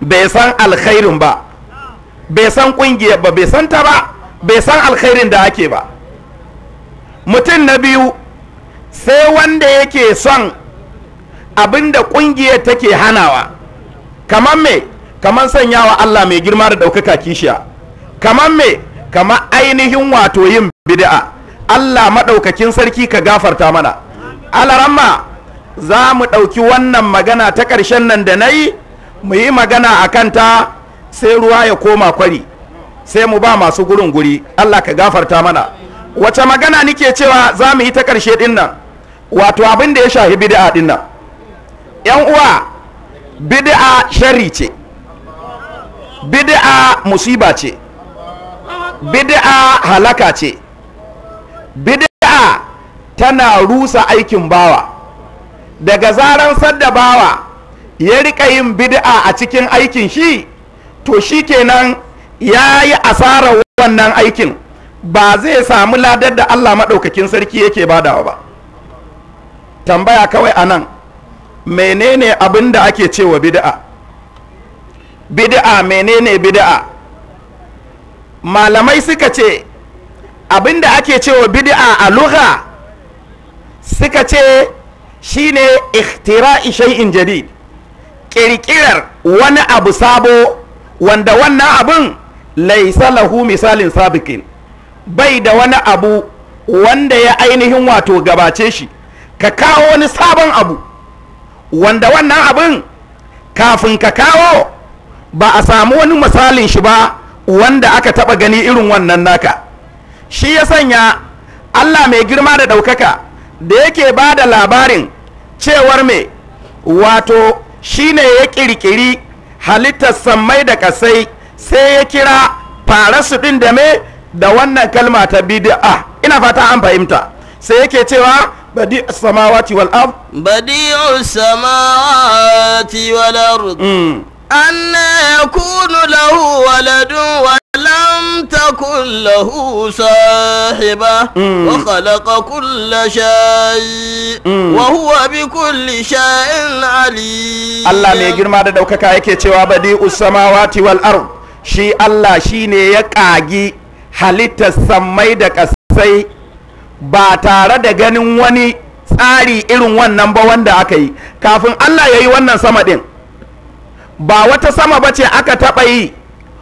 bai san alkhairin ba bai san kungiyar ba bai san ta ba bai san alkhairin da ake ba mutum na biyu sai wanda yake son abinda kungiyar take hanawa kamar mai kaman sanyawa Allah mai girma da ɗaukaka kishiya kaman me kamar ainihin wato yin bid'a Allah maɗaukakin sarki ka gafarta mana alaramma za mu ɗauki wannan magana ta ƙarshen nan da na yi mu yi magana a kanta sai ruwa ya koma kwari sai mu ba masu gurin guri Allah ka gafarta mana wace magana nike cewa za mu yi ta ƙarshe ɗin wato abin da ya shafi bid'a ɗin 'yan uwa bid'a shari ce bid'a musiba ce bid'a halaka ce bid'a tana rusa aikin bawa daga zaran sadda bawa ya rika yin bid'a a cikin aikin shi to shi kenan ya yi asarar wannan aikin ba zai samu ladar da Allah maɗaukakin sarki yake badawa ba tambaya kawai a nan menene abin da ake cewa bid'a bid'a menene bid'a malamai suka ce abinda ake cewa bid'a a lugha suka ce shine ikhtira'i shay'in jadid kirkirar wani abu sabo wanda wannan abun laisa lahu misalin sabikin bai da wani abu wanda ya ainihin wato gabace shi ka kawo wani sabon abu wanda wannan abin kafin ka kawo ba a samu wani misalin shi ba wanda aka taba gani irin wannan naka shi ya sanya Allah mai girma da ɗaukaka da yake ba da labarin cewar mai wato shine ya ƙirƙiri halittar sammai da ƙasai sai ya kira su ɗin da me da wannan kalma ta bid'a ina fata an fahimta sai yake cewa badi samawati wal ard badi samawati wal mm. أنا يكون له ولد ولم تكن له صاحبة وخلق كل huwa bi بكل شيء عليم Allah mai girma da ɗaukaka yake cewa badi samawati wal ard shi Allah shine ya ƙagi halitta sammai da ƙasai ba tare da ganin wani tsari irin wannan ba wanda aka yi kafin Allah ya yi wannan sama ɗin ba wata sama ba ce aka taɓa yi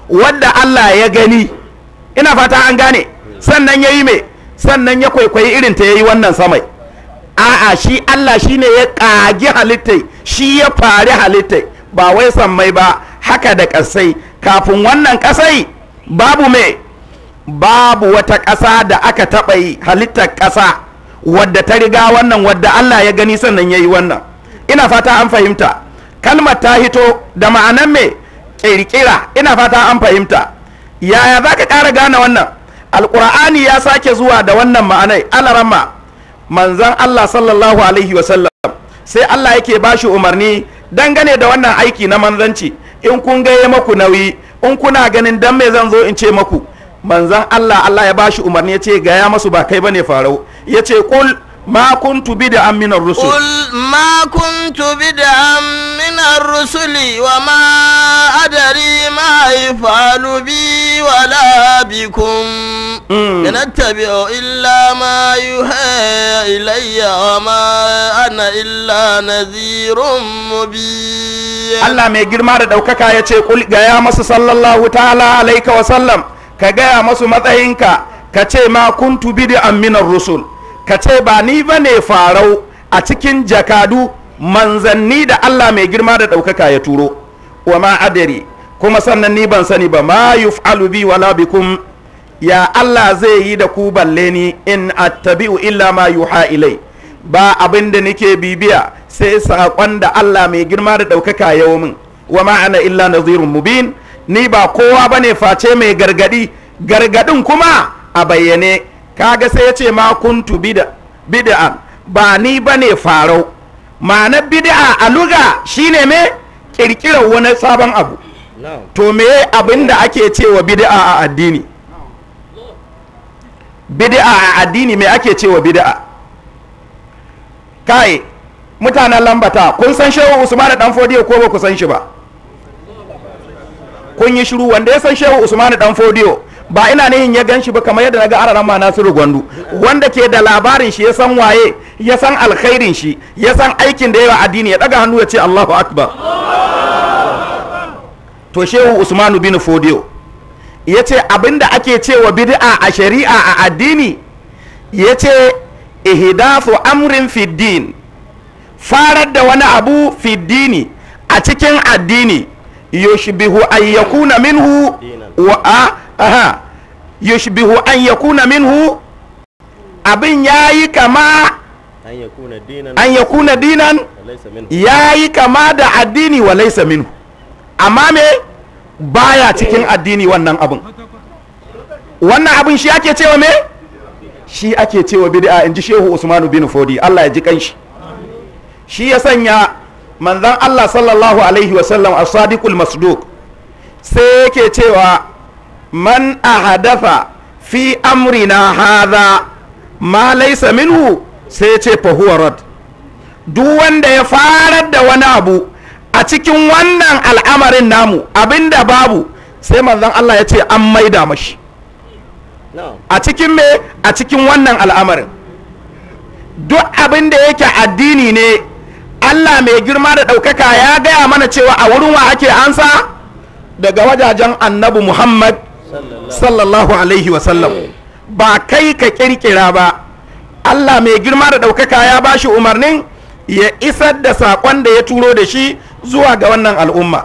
wadda Allah ya gani ina fata an gane sannan ya yi mai sannan ya kwaikwayi irin ta ya yi wannan samai a'a shi Allah shi ne ya ƙagi halittai shi ya fari halittai ba wai sammai ba haka da ƙasai kafin wannan ƙasai babu mai babu wata ƙasa da aka taɓa yi halittar ƙasa wadda ta riga wannan wadda Allah ya gani sannan ya yi wannan ina fata an fahimta kalmar ta hito da ma'anan me kirkira ina fata an fahimta yaya za ka ƙara gane wannan alkur'ani ya sake zuwa da wannan ma'anai alarama manzan allah sallallahu alaihi wasallam sai allah yake ba shi umarni dangane da wannan aiki na manzanci in kun gaye maku nauyi in kuna ganin dan me zan zo in ce maku manzan allah allah ya ba shi umarni ya ce gaya masu ba kai ba ne farau ya ce kul ما كنت بدعا من الرسل قل ما كنت بدعا من الرسل وما أدري ما يفعل بي ولا بكم إن أتبع إلا ما يوحى إلي وما أنا إلا نذير مبين الله mai girma da ɗaukaka ya ce gaya masu sallallahu ta'ala alaika wa sallam ka gaya masu matsayinka ka ce ma kuntu bid'an minar rusul ka ce ba ni ba ne farau a cikin jakadu manzanni da Allah mai girma da ɗaukaka ya turo wa ma adari kuma sannan ni ban sani ba ma yi bi wala bikum ya Allah zai yi da ku balle ni in attabi'u illa ma yuha ilai ba abin da nake bibiya sai saƙon da Allah mai girma da ɗaukaka ya min wa ma'ana illa nazirun mubin ni ba kowa ba ne face mai gargadi gargadin kuma a bayyane kaga sai ya ce ma kuntu bid'a ba ni bane farau ma'ana bid'a a luga shine me kirkirar wani sabon abu to me abin da ake cewa bid'a a addini bid'a a addini me ake cewa bid'a kai mutanen lambata kun san shehu usman dan fodiyo ko ba ku san shi ba kun yi shiru wanda ya san shehu usman dan fodiyo ba ina nihin ya gan shi ba kamar yadda naga ga ma nasiru gwandu wanda ke da labarin shi ya san waye ya san alkhairin shi ya san aikin da yawa addini ya daga hannu ya ce allahu akbar to shehu usmanu bin fodiyo ya ce abinda ake cewa bid'a a shari'a a addini ya ce ihidafu amrin fiddin farar da wani abu fiddini a cikin addini yoshi bihu ayyakuna minhu wa a. aha yushbihu an yakuna minhu abin yayi kama an yakuna dinan yayi kama da addini wa laysa minhu amma me baya cikin addini wannan abin wannan abin shi ake cewa me shi ake cewa bid'a inji shehu usman bin fodi Allah ya ji kanshi shi ya sanya manzon Allah sallallahu alaihi wasallam as-sadiqul masduq sai yake cewa man ahadafa fi amrina haza ma laisa minhu sai ce fahuwa duk wanda ya fara da wani abu a cikin wannan al'amarin namu abinda babu sai manzan Allah ya ce an maida mashi a cikin me a cikin wannan al'amarin duk abin da yake addini ne Allah mai girma da ɗaukaka ya gaya mana cewa a wurin wa ake ansa daga wajajen annabi Muhammad sallallahu alaihi wasallam ba kai ka kirkira ba Allah mai girma da ɗaukaka ya ba shi umarnin ya isar da saƙon da ya turo da shi zuwa ga wannan al'umma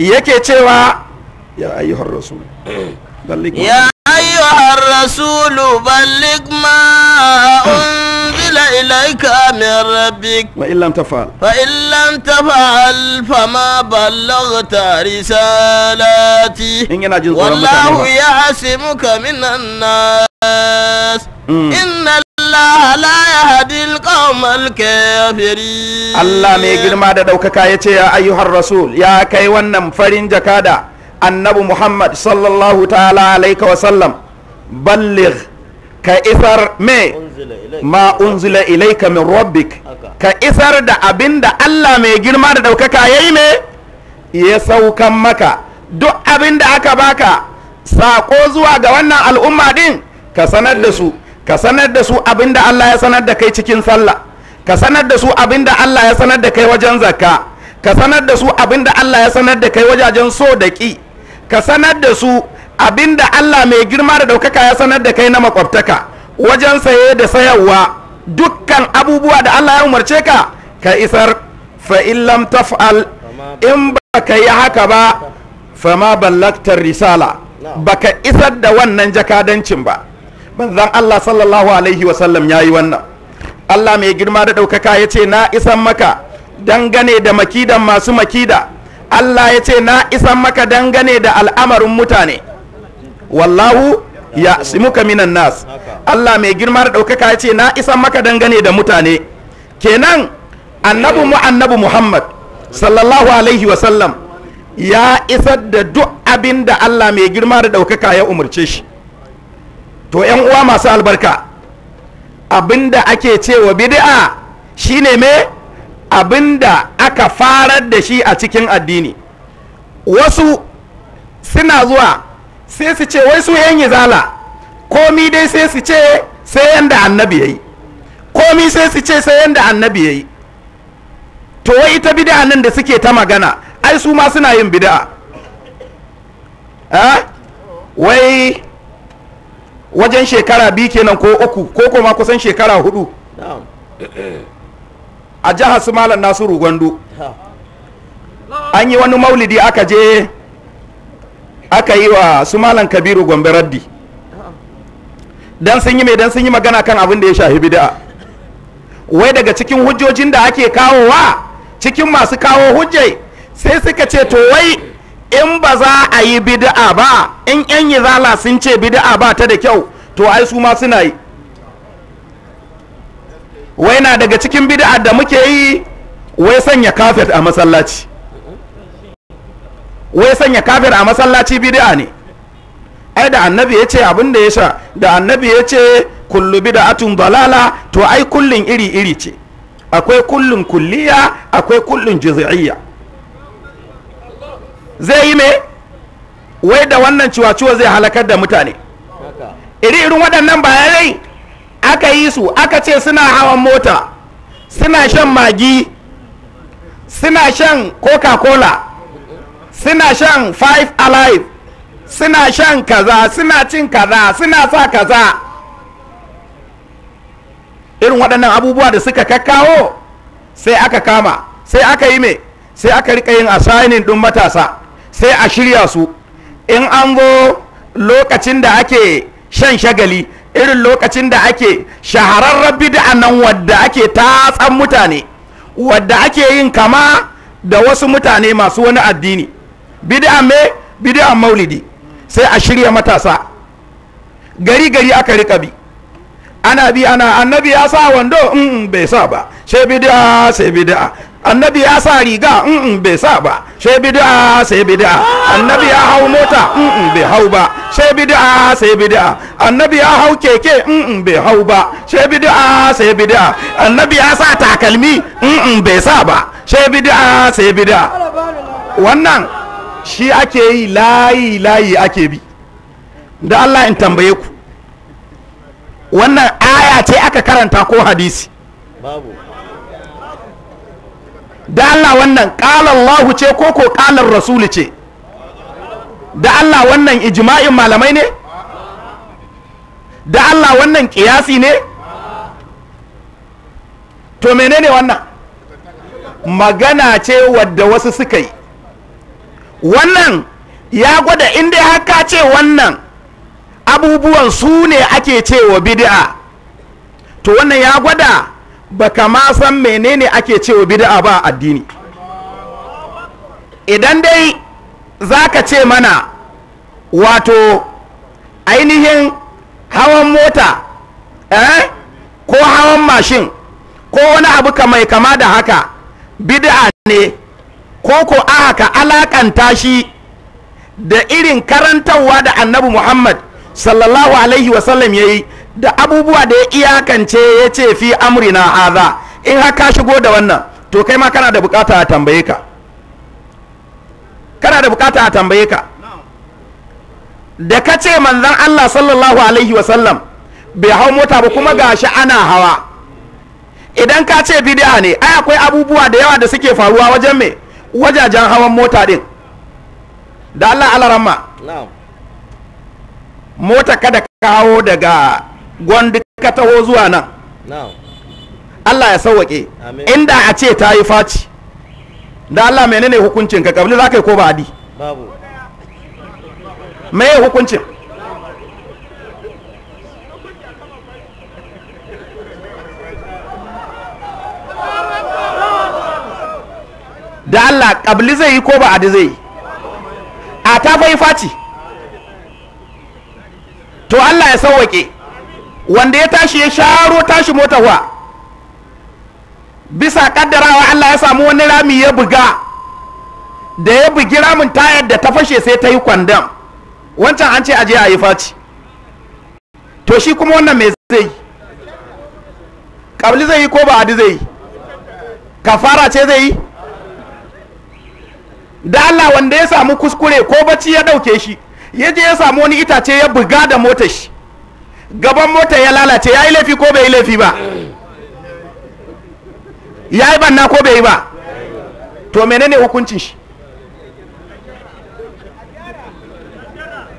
yake cewa ya ayyuhar rasul ya ayyuhar rasul balligh ma إليك من ربك فإن لم تفعل فإن لم تفعل فما بلغت رسالاتي والله يعصمك من الناس إن Allah la yahdil qaumal kafirin Allah mai girma da ya ce a ayyuhar rasul ya kai wannan farin jakada annabi Muhammad sallallahu ta'ala alayka sallam ka isar me ma unzila ilaika min rabbik ka isar da abin da Allah mai girma da daukaka yayi me ya saukan maka duk abin da aka baka sako zuwa ga wannan al'umma din ka sanar da su ka sanar da su abin da Allah ya sanar da kai cikin sallah ka sanar da su abin da Allah ya sanar da kai wajen zakka ka sanar da su abin da Allah ya sanar da kai wajajen so da ki ka sanar da su abinda Allah mai girma da ɗaukaka ya sanar da kai na makwabtaka wajen saye da sayarwa dukkan abubuwa da Allah ya umarce ka ka isar fa illam taf'al in ba yi haka ba fama ballaktar risala baka isar da wannan jakadancin ba manzon Allah sallallahu alaihi sallam ya yi wannan Allah mai girma da ɗaukaka ya ce na isan maka dangane da makidan masu makida Allah ya ce na isan maka dangane da al'amarin mutane wallahu ya simuka minan nas Allah mai girma da ɗaukaka ya ce na isan maka dangane da mutane kenan annabi mu annabi Muhammad sallallahu alaihi wasallam ya isa da duk abin da Allah mai girma da ɗaukaka ya umarce shi to yan uwa masu albarka abin da ake cewa bid'a shine me abin da aka farar da shi a cikin addini wasu suna zuwa sai su ce wai su yan zala komi dai sai su ce sai yanda annabi yayi komi sai su ce sai yanda annabi yayi to wai ita bid'a nan da suke ta magana ai su ma suna yin bid'a eh wai wajen shekara biyu kenan ko uku ko kuma kusan shekara hudu a jihar su malam nasiru Gwando an yi wani maulidi aka je aka yi wa su malam kabiru gombe raddi dan sun yi mai dan sun yi magana kan abin da ya shafi bid'a wai daga cikin hujjojin da ake kawo wa cikin masu kawo hujje sai suka ce to wai in ba za a yi bid'a ba in yan yi zala sun ce bid'a ba ta da kyau to ai su ma suna yi wai na daga cikin bid'a da muke yi wai sanya kafet a masallaci wai sanya kafir a masallaci bid'a ne ai da annabi ya ce abin da ya sha da annabi ya ce kullu bid'atun dalala to ai kullun iri iri ce akwai kullun kulliya akwai kullun juz'iyya zai yi me wai da wannan ciwaciwa zai halakar da mutane iri irin waɗannan bayanai aka yi su aka ce suna hawan mota suna shan magi suna shan coca-cola suna shan five alive suna shan kaza suna cin kaza suna sa kaza irin waɗannan abubuwa da suka kakkawo sai aka kama sai aka yi me sai aka rika yin assigning ɗin matasa sai a shirya su in an zo lokacin da ake shan shagali irin lokacin da ake shahararren bid'a nan wadda ake tatsan mutane wadda ake yin kama da wasu mutane masu wani addini bid'a me bid'a maulidi sai a shirya matasa gari gari aka rika bi ana bi ana annabi ya sa wando in bai sa ba sai bid'a sai bid'a annabi ya sa riga in bai sa ba sai bid'a sai bid'a annabi ya hau mota in bai hau ba sai bid'a sai bid'a annabi ya hau keke in bai hau ba sai bid'a sai bid'a annabi ya sa takalmi in bai sa ba sai bid'a sai bid'a wannan shi ake yi layi layi ake bi da Allah in tambaye ku wannan aya ce aka karanta ko hadisi babu da Allah wannan ƙalallahu ce ko ko ƙalar rasulu ce da Allah wannan ijma'in malamai ne da Allah wannan kiyasi ne to menene wannan magana ce wadda wasu suka yi wannan ya gwada inda haka ce wannan abubuwan su ne ake cewa bid'a to wannan ya gwada baka ma san menene ake cewa bid'a ba addini idan dai zaka ce mana wato ainihin hawan mota eh ko hawan mashin ko wani abu kamai kama da haka bid'a ne koko ko a ka alakanta shi da irin karantarwa da annabi muhammad sallallahu alaihi wasallam ya yi da abubuwa da ya iyakance ya ce fi amrina haza in haka shigo da wannan to kai ma kana da bukata a tambaye ka kana da bukata a tambaye ka da ka ce manzan allah sallallahu alaihi wasallam bai hau mota ba kuma gashi ana hawa idan ka ce bidiya ne ai akwai abubuwa da yawa da suke faruwa wajen me wajajen hawan mota din da Allah alarama mota kada kawo daga gwandu ka taho zuwa nan Allah ya sauwaƙe inda a ce ta yi faci da Allah menene hukuncin ka kabli za ka yi ko ba adi babu hukuncin da Allah ƙabli zai yi ko ba adi zai yi a ta fai faci to Allah ya sauwaƙe wanda ya tashi ya sharo tashi mota wa bisa wa Allah ya samu wani rami ya buga da ya bugi ramin tayar da ta fashe sai ta yi kwandam wancan an ce aje a yi faci to shi kuma wannan mai zai yi ƙabli zai yi ko ba adi zai yi kafara ce zai yi da Allah wanda ya samu kuskure ko bacci ya dauke shi ya je ya samu wani itace ya buga da motar shi gaban motar ya lalace ya yi laifi ko bai yi laifi ba ya yi banna ko bai yi ba to menene hukuncin shi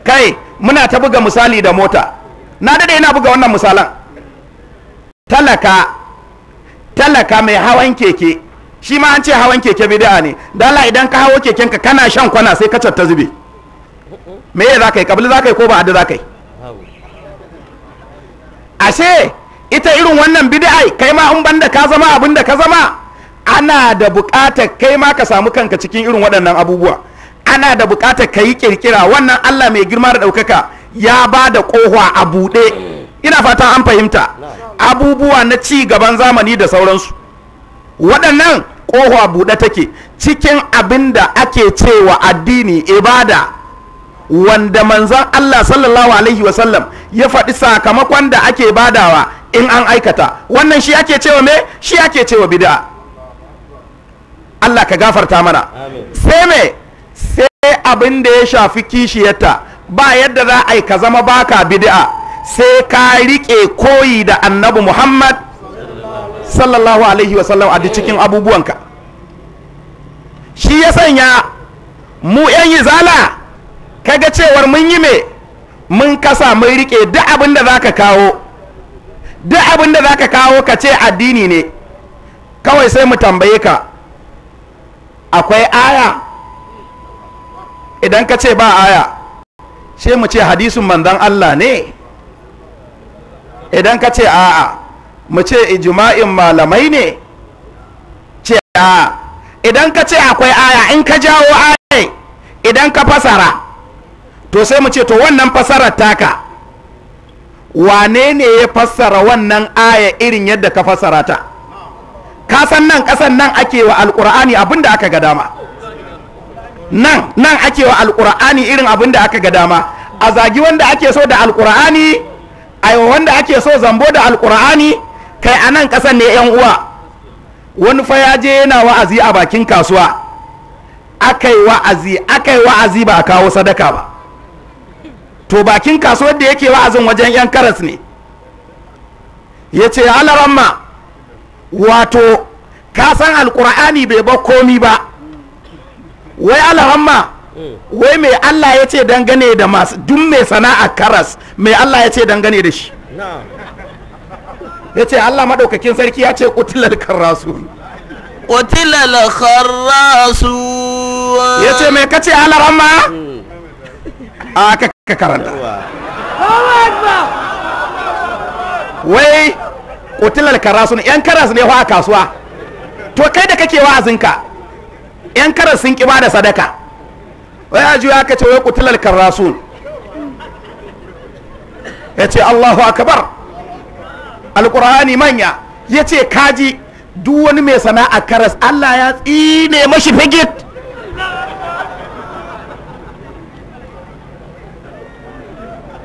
kai muna ta buga misali da mota na dade ina buga wannan misalan talaka talaka mai hawan keke shi ma an ce hawan keke bid'a ne dala idan ka hawo keken ka kana shan kwana sai ka ta zube me ya zakai ka yi ko ba adda zakai ashe ita irin wannan bid'a kai ma in banda ka zama abin da ka zama ana da buƙatar kai ma ka samu kanka cikin irin waɗannan abubuwa ana da buƙatar ka yi kirkira wannan Allah mai girma da ɗaukaka ya ba da ƙohwa a buɗe ina fata an fahimta abubuwa na ci gaban zamani da sauransu waɗannan kohuwa buɗe take cikin abin da ake cewa addini ibada wanda manzan Allah sallallahu alaihi wasallam ya faɗi sakamakon da ake badawa in an aikata wannan shi ake cewa me shi ake cewa bid'a Allah ka gafarta mana sai me sai abin da ya shafi kishiyarta ba yadda za a yi ka zama baka bid'a sai ka riƙe koyi da annabi Muhammad sallallahu alaihi wasallam a cikin abubuwanka shi ya sanya mu 'yan yi zala kaga cewar mun yi me mun kasa mun rike duk abin da za ka kawo duk abin da za ka kawo ka ce addini ne kawai sai mu tambaye ka akwai aya idan ka ce ba aya sai mu ce hadisin manzon Allah ne idan ka ce a'a mu ce ijima'in malamai ne ce a idan ka ce akwai aya in ka jawo aya idan ka fasara to sai mu ce to wannan fasarar taka wane ne ya fassara wannan aya irin yadda ka fassara ta ka san nan kasan nan ake wa alkur'ani abin da aka ga dama nan nan ake wa alkur'ani irin abin da aka ga dama a zagi wanda ake so da alkur'ani a wanda ake so zambo da alkur'ani kai a nan ƙasar ne yan uwa wani fa ya je yana wa'azi a bakin kasuwa akai wa'azi yi wa'azi ba a kawo sadaka ba to bakin kasuwar da yake wa'azin wajen yan karas ne ya ce alaramma wato ka san alkur'ani bai ba komi ba wai alaramma wai mai allah ya ce dangane da masu dun mai sana'a karas mai allah ya ce dangane da shi ya ce Allah maɗaukakin sarki ya ce ƙutilar karrasu ƙutilar karrasu ya ce mai kace ramma hmm. ah, a ka karanta wai karasu karrasu yan karas ne a kasuwa to kai da kake wa'azinka yan karas sun kiba da sadaka wai a juya ka ce wai ƙutilar karrasu ya ce Allahu akbar alkur'ani manya ya ce kaji duk wani mai sana'a karas allah ya tsine mashi figit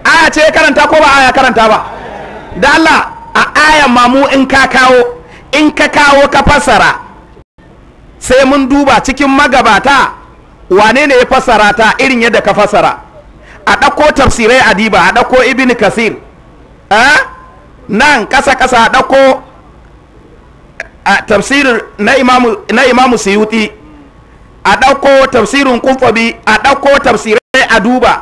aya ce karanta ko ba aya karanta ba da allah a aya mamu in ka kawo in ka kawo ka fassara sai mun duba cikin magabata wane ne ya fassara ta irin yadda ka fassara a ɗauko tafsirai adiba a ɗauko ibini kasir eh? nan kasa kasa ɗauko a tafsirin na imamu na imamu suyuti a ɗauko tafsirin kumfabi a ɗauko tafsirai a duba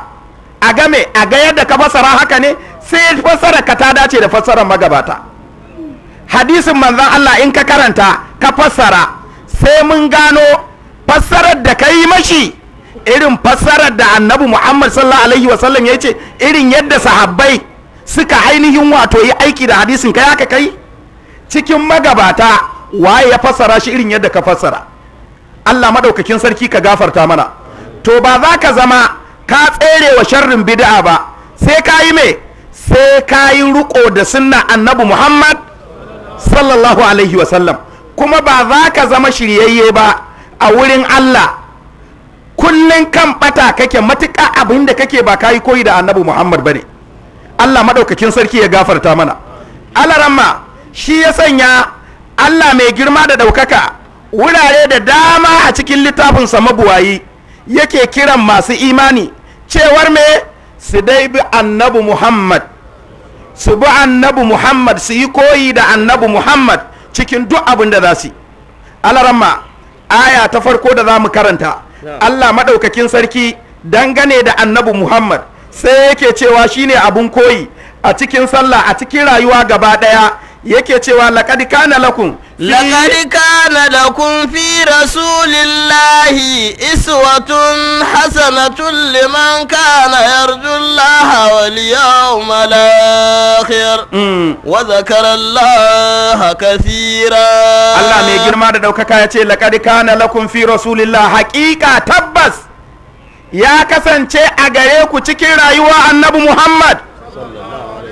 a game a ga yadda ka fassara haka ne sai fassara ka ta dace da fassarar magabata hadisin manzan Allah in ka karanta ka fassara sai mun gano fassarar da ka yi mashi irin fassarar da annabi Muhammad sallallahu alaihi wasallam ya ce irin yadda sahabbai suka ainihin wato yi aiki da hadisin kai haka kai cikin magabata waye ya fassara shi irin yadda ka fassara Allah madaukakin sarki ka gafarta mana to ba za ka zama ka tsere wa sharrin bid'a ba sai ka yi me sai ka yi riko da sunna annabi Muhammad sallallahu alaihi wa sallam kuma ba za ka zama shiryayye ba a wurin Allah kullun kan bata kake matuƙa abin da kake ba ka yi koyi da annabi Muhammad bane Allah maɗaukakin sarki ya gafarta mana alaramma shi ya sanya Allah mai girma da ɗaukaka wurare da dama a cikin littafin littafinsa mabuwayi yake kiran masu imani cewar me su dai bi annabi muhammad su bi annabi muhammad su yi koyi da annabi muhammad cikin duk abin da za su alaramma aya ta farko da za mu karanta allah maɗaukakin sarki dangane da annabi muhammad sai yake cewa shine abun koyi a cikin sallah a cikin rayuwa gaba daya yake cewa laqad kana lakum laqad kana lakum fi rasulillahi iswatun hasanatun liman kana yarjullaha wal yawmal akhir mm. wa zakara allaha kathira Allah mai girma da daukaka yace laqad kana lakum fi rasulillahi haqiqa tabbas ya kasance a gare ku cikin rayuwa annabi muhammad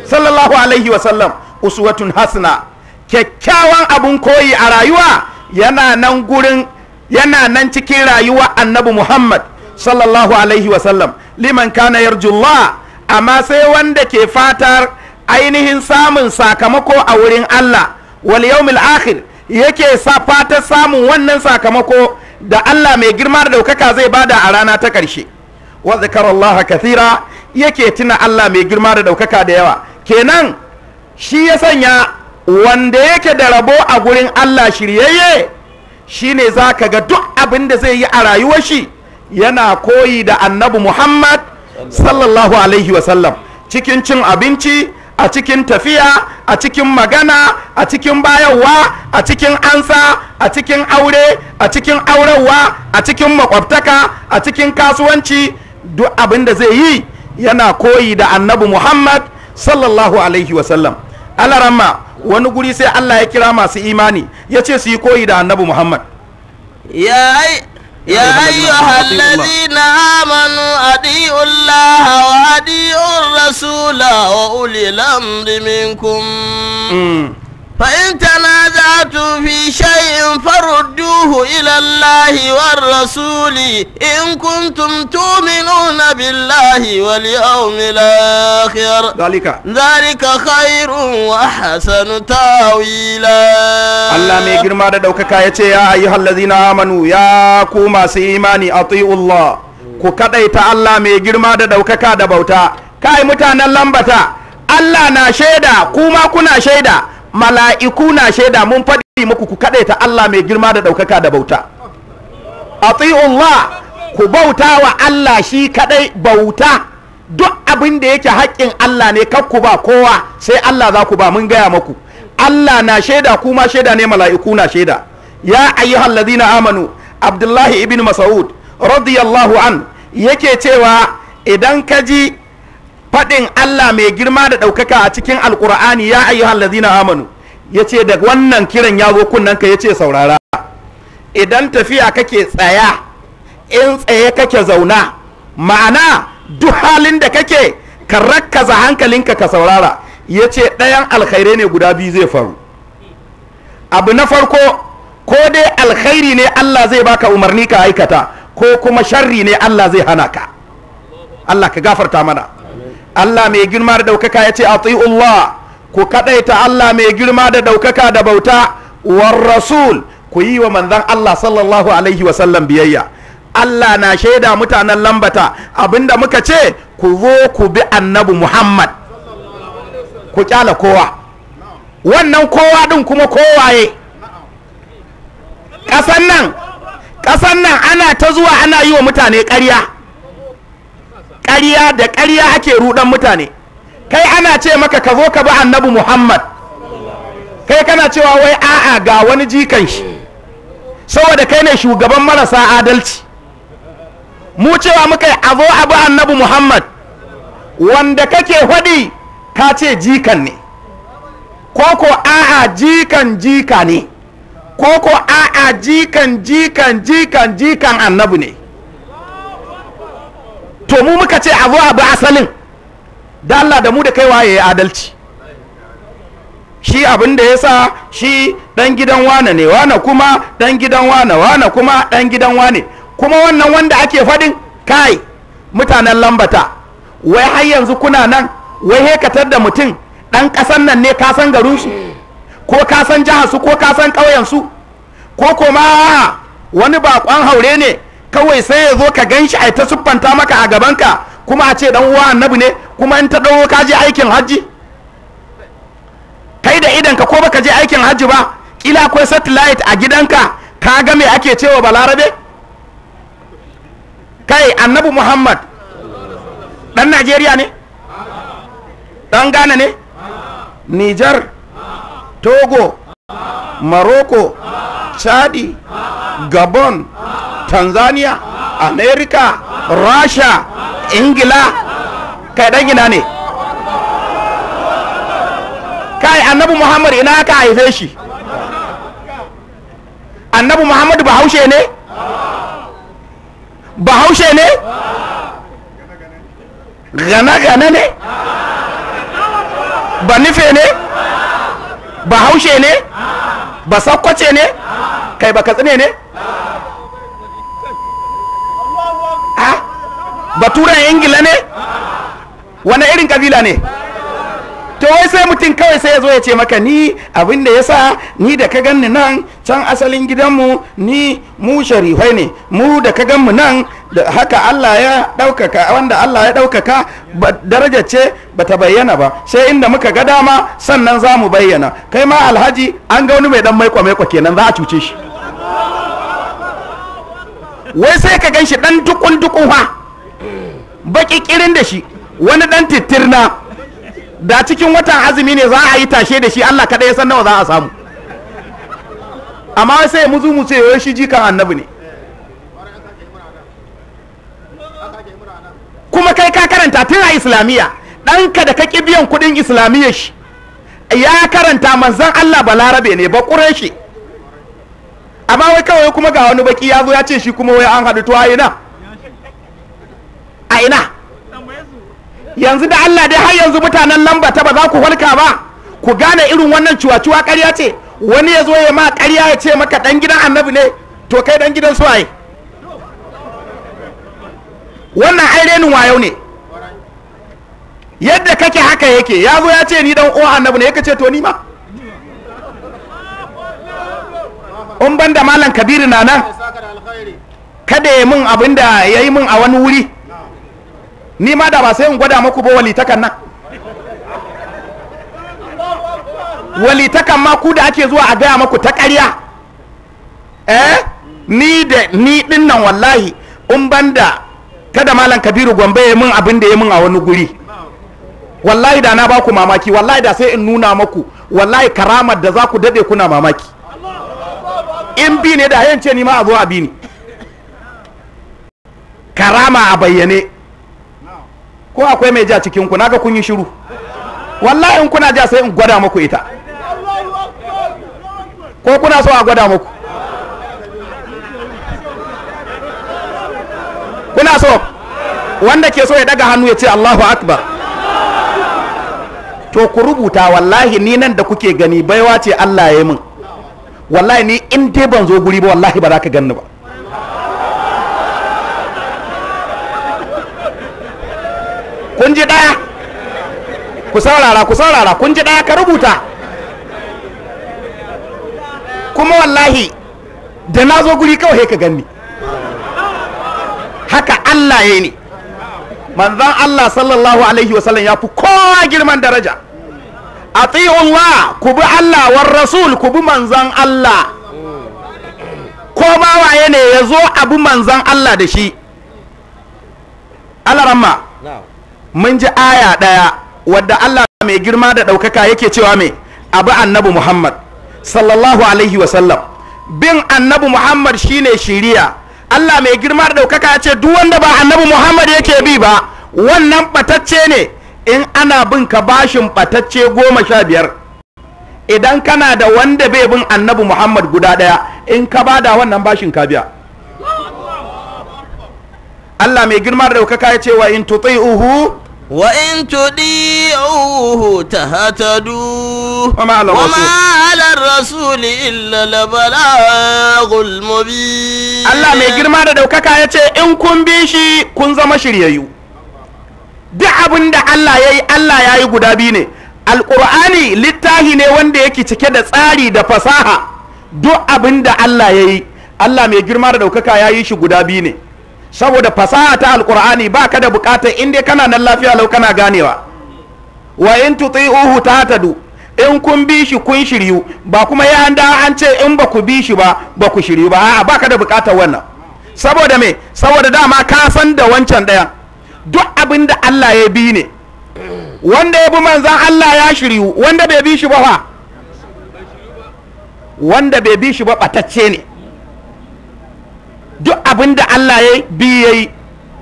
sallallahu alaihi wasallam uswatun hasna kyakkyawan abun koyi a rayuwa yana nan gurin yana nan cikin rayuwa annabi muhammad sallallahu alaihi wasallam liman kana yarjullah amma sai wanda ke fatar ainihin samun sakamako a wurin allah wal yawmil akhir yake sa fatar samun wannan sakamako da Allah mai girma da ɗaukaka zai bada a rana ta ƙarshe wa zikarallaha kathira yake tuna Allah mai girma da ɗaukaka da yawa kenan shi ya sanya wanda yake da rabo a gurin Allah shiryayye shine za ka ga duk abin da zai yi a rayuwar shi yana koyi da annabi Muhammad sallallahu alaihi wasallam cikin cin abinci a cikin tafiya a cikin magana a cikin bayarwa a cikin ansa a cikin aure a cikin aurewa, a cikin makwabtaka a cikin kasuwanci duk abin da zai yi yana koyi da annabi muhammad sallallahu alaihi wasallam alaramma wani guri sai allah ya kira masu imani ya ce su yi koyi da annabi muhammad يا أيها الذين آمنوا أديوا الله وأديوا الرسول وأولي الأمر منكم فإن تنازعتم في شيء فردوه إلى الله والرسول إن كنتم تؤمنون بالله واليوم الآخر ذلك ذلك خير وأحسن تاويلا الله مي girma da ɗaukaka ya ce ya ayyuhal ladzina amanu ya ku masu imani atiullah ku kadaita Allah mai girma da ɗaukaka da bauta kai mutanen lambata Allah na shaida kuma kuna shaida mala'iku na shaida mun faɗi muku ku ta Allah mai girma da ɗaukaka da bauta Allah ku bauta wa Allah shi kaɗai bauta duk abin da yake haƙƙin Allah ne kakku ba kowa sai Allah za ku ba mun gaya muku Allah na shaida kuma shaida ne mala'iku na shaida ya ayyuhal ladina amanu Abdullahi ibn Mas'ud radiyallahu an yake cewa idan ka ji faɗin Allah mai girma da ɗaukaka a cikin alkur'ani ya ayyuhan lazina amanu ya ce da wannan kiran ya zo kunnanka ya ce saurara idan tafiya kake tsaya in tsaye kake zauna ma'ana duk halin da kake ka rakaza hankalinka ka saurara ya ce ɗayan alkhairai ne guda biyu zai faru abu na farko ko dai alkhairi ne Allah zai baka umarni ka aikata ko kuma sharri ne Allah zai hana ka Allah ka gafarta mana Allah mai girma da ɗaukaka ya ce Allah ku kaɗaita Allah mai girma da ɗaukaka da bauta war rasul ku yi wa manzan Allah sallallahu alaihi wasallam biyayya Allah na shaida mutanen lambata abinda muka ce ku zo ku bi annabi Muhammad ku kyala kowa wannan kowa ɗin kuma kowaye ƙasan nan ƙasan nan ana ta zuwa ana yi wa mutane ƙarya ƙarya da ƙarya ake ruɗan mutane kai ana ce maka ka zo ka bi annabi muhammad kai kana cewa wai a'a ga wani jikan shi saboda kai ne shugaban marasa adalci mu cewa muka yi a zo a bi annabi muhammad wanda kake hudi ka ce jikan ne ko ko a'a jikan jika ne ko ko a'a jikan jikan jikan jikan annabi ne to mu muka ce a zo a bi asalin da Allah da mu da kaiwa ya yi adalci shi abin da ya sa shi dan gidan wane ne wane kuma dan gidan wane wane kuma dan gidan wane kuma wannan wanda ake faɗin kai mutanen lambata wai har yanzu kuna nan wai hekatar da mutum dan ƙasan nan ne kasan garin su ko kasan jihar su ko kasan ƙauyensu, su ko kuma wani bakon haure ne kawai sai ya zo ka gan shi a ta siffanta maka a gabanka kuma a ce dan uwa annabi ne kuma in ta dawo ka je aikin hajji kai da idanka ko baka je aikin hajji ba kila akwai satellite a gidanka ka ga me ake cewa balarabe kai annabi muhammad dan najeriya ne dan ghana ne niger togo maroko chadi gabon tanzania america rasha ingila kai dan gina ne kai annabi muhammad ina ka haife shi annabi muhammad bahaushe ne bahaushe ne gane-gane ne ba nufe ne ba haushe ne ba sakwace ne kai ba katsine ne baturen ingila ne wani irin kabila ne to wai sai mutum kawai sai ya zo ya ce maka ni abin da ya sa ni da ka ganni nan can asalin gidanmu ni mu sharihai ne mu da ka ganmu nan da haka Allah ya ɗaukaka wanda Allah ya ɗaukaka darajar ce ba ta bayyana ba sai inda muka ga dama sannan za mu bayyana kai ma alhaji an ga wani mai dan maiko maiko kenan za a cuce shi wai sai ka gan shi dan dukun dukun ha baki kirin da shi wani dan titirna da cikin watan azumi ne za a yi tashe da shi Allah kada ya san nawa za a samu amma sai mu mu ce yoyi shi jikan annabi ne kuma kai ka karanta tun a islamiyya ɗanka da ka ƙi biyan kuɗin islamiyya shi ya karanta manzan Allah balarabe ne ba shi amma wai kawai kuma ga wani baki ya zo ya ce shi kuma wai an haɗu tuwaye na a ina yanzu da Allah dai har yanzu mutanen nan ba ta ba za ku halka ba ku gane irin wannan ciwa-ciwa ƙarya ce wani ya zo ya ma ƙarya ya ce maka ɗan gidan annabi ne to kai ɗan gidan suwaye wannan ai renin wayo ne yadda kake haka yake ya zo ya ce ni dan uwa annabi ne yake ce to ni ma in ban da malam kabiru na nan kada ya min abin da ya yi min a wani wuri ni ma da ba sai in gwada maku ba walitakan nan walitakan ma ku da ake zuwa a gaya maku ta ƙarya eh ni da ni din nan wallahi in banda kada malam kabiru gombe ya min abin da ya min a wani guri wallahi da na ba ku mamaki wallahi da sai in nuna maku wallahi karamar da za ku dade kuna mamaki in bi ne da hayan ni ma a zo a bi ni karama a bayyane ko akwai mai ja cikin ku naga kun yi shiru wallahi in kuna ja sai in gwada muku ita ko kuna so a gwada muku kuna so wanda ke so ya daga hannu ya ce Allahu akbar to ku rubuta wallahi ni nan da kuke gani baiwa ce Allah ya min wallahi ni in dai ban zo guri ba wallahi ba za ka ganni ba kun ji ɗaya ku saurara ku saurara kun ji ɗaya ka rubuta kuma wallahi da na zo guri kawai ka ganni haka Allah ya ne manzan Allah sallallahu alaihi wasallam ya fi kowa girman daraja a wa ku bi Allah war rasul ku bi manzan Allah ko waye ne ya zo abu manzan Allah da shi alaramma mun ji aya ɗaya wadda Allah mai girma da ɗaukaka yake cewa mai abu annabi Muhammad sallallahu alaihi wasallam bin annabi Muhammad shine shiriya Allah mai girma da ɗaukaka ya ce duk wanda ba annabi Muhammad yake bi ba wannan ɓatacce ne in ana bin ka bashin ɓatacce goma sha biyar idan kana da wanda bai bin annabi Muhammad guda ɗaya in ka bada wannan bashin ka biya Allah mai girma da daukaka ya ce wa in uhu wa in ta hatadu wa ma'alar rasuli illa labalagul gulmobi Allah mai girma da daukaka ya ce in kun bi shi kun zama shiryayyu duk abin da Allah ya yi Allah ya yi guda biyu ne alƙur'ani littahi ne wanda yake cike da tsari da fasaha duk abin da Allah ya yi Allah mai girma da ɗaukaka ya yi shi guda biyu ne saboda fasaha ta alkur'ani ba ka da bukatar in kana nan lafiya lau kana ganewa wa in tuti'uhu tahtadu in kun bi shi kun shiryu ba kuma ya an an ce in ba ku bi shi ba ba ku shiryu ba a'a ba ka da bukatar wannan saboda me saboda dama ka san da wancan ɗaya duk abin da Allah ya bi ne wanda ya bi manzan Allah ya shiryu wanda bai bi shi ba fa wanda bai bi shi ba batacce ne duk abin da Allah ya bi ya yi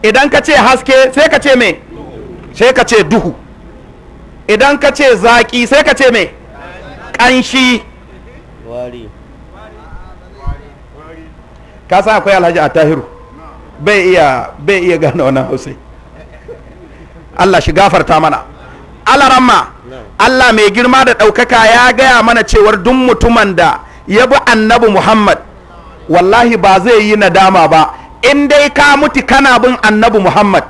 idan ka ce haske sai ka ce me sai ka ce duhu idan ka ce zaƙi sai ka ce me ƙanshi ka sa akwai alhaji a tahiru bai iya bai iya gane wannan hausai Allah shi gafarta mana alaramma Allah mai girma da ɗaukaka ya gaya mana cewar duk mutumin da ya bi annabi Muhammad wallahi ba zai yi nadama ba in dai ka mutu kana bin annabi muhammad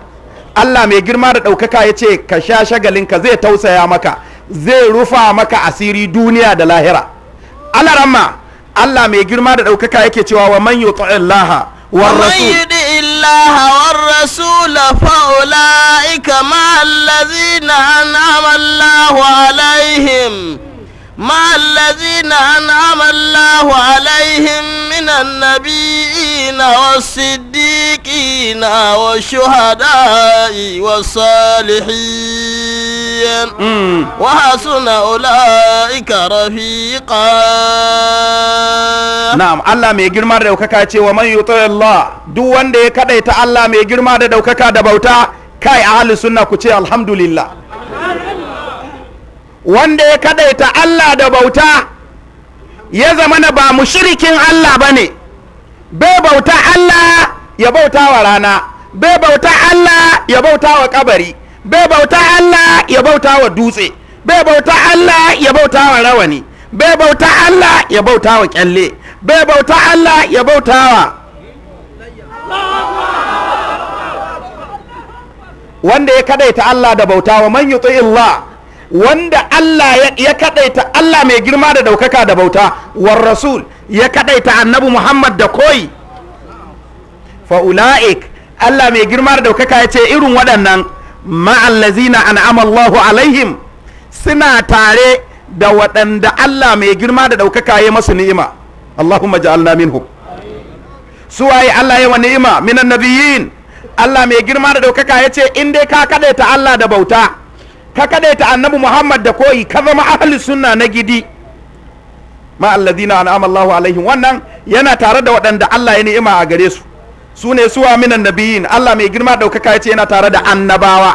allah mai girma da ɗaukaka ya ce ka sha shagalinka zai tausaya maka zai rufa maka asiri duniya da lahira alaramma allah mai girma da ɗaukaka yake cewa wa man yuti'in laha wa مع الذين أنعم الله عليهم من النبيين والصديقين والشهداء والصالحين وحسن أولئك رفيقا نعم الله مي جرما دوكاكا ce wa man yuti duk wanda ya kadaita Allah mai girma da daukaka da bauta kai ahli sunna ku ce alhamdulillah wanda ya kadaita Allah da bauta ya zamana ba shirikin Allah ba ne. bai bauta Allah ya bauta wa rana bai bauta Allah ya bauta wa kabari bai bauta Allah ya bauta wa dutse bai bauta Allah ya bauta wa rawani bai bauta Allah ya bauta wa kyalle bai bauta Allah ya bauta wa wanda ya kadaita Allah da bauta wa man yuti Allah wanda Allah ya kadaita Allah mai girma da daukaka da bauta war rasul ya kadaita annabi Muhammad da koi fa ulaik Allah mai girma da daukaka ya ce irin waɗannan ma'allazina an'ama Allah alaihim suna tare da waɗanda Allah mai girma da daukaka ya masu ni'ima Allahumma ja'alna minhum suwaye Allah ya wa ni'ima minan nabiyyin Allah mai girma da daukaka ya ce in dai ka kadaita Allah da bauta ka kadaita annabi muhammad da koyi ka zama ahli sunna na gidi ma alladhina an'ama Allahu alaihim wannan yana tare da waɗanda Allah ya ni'ima a gare su su ne suwa minan nabiyin Allah mai girma daukaka ya ce yana tare da annabawa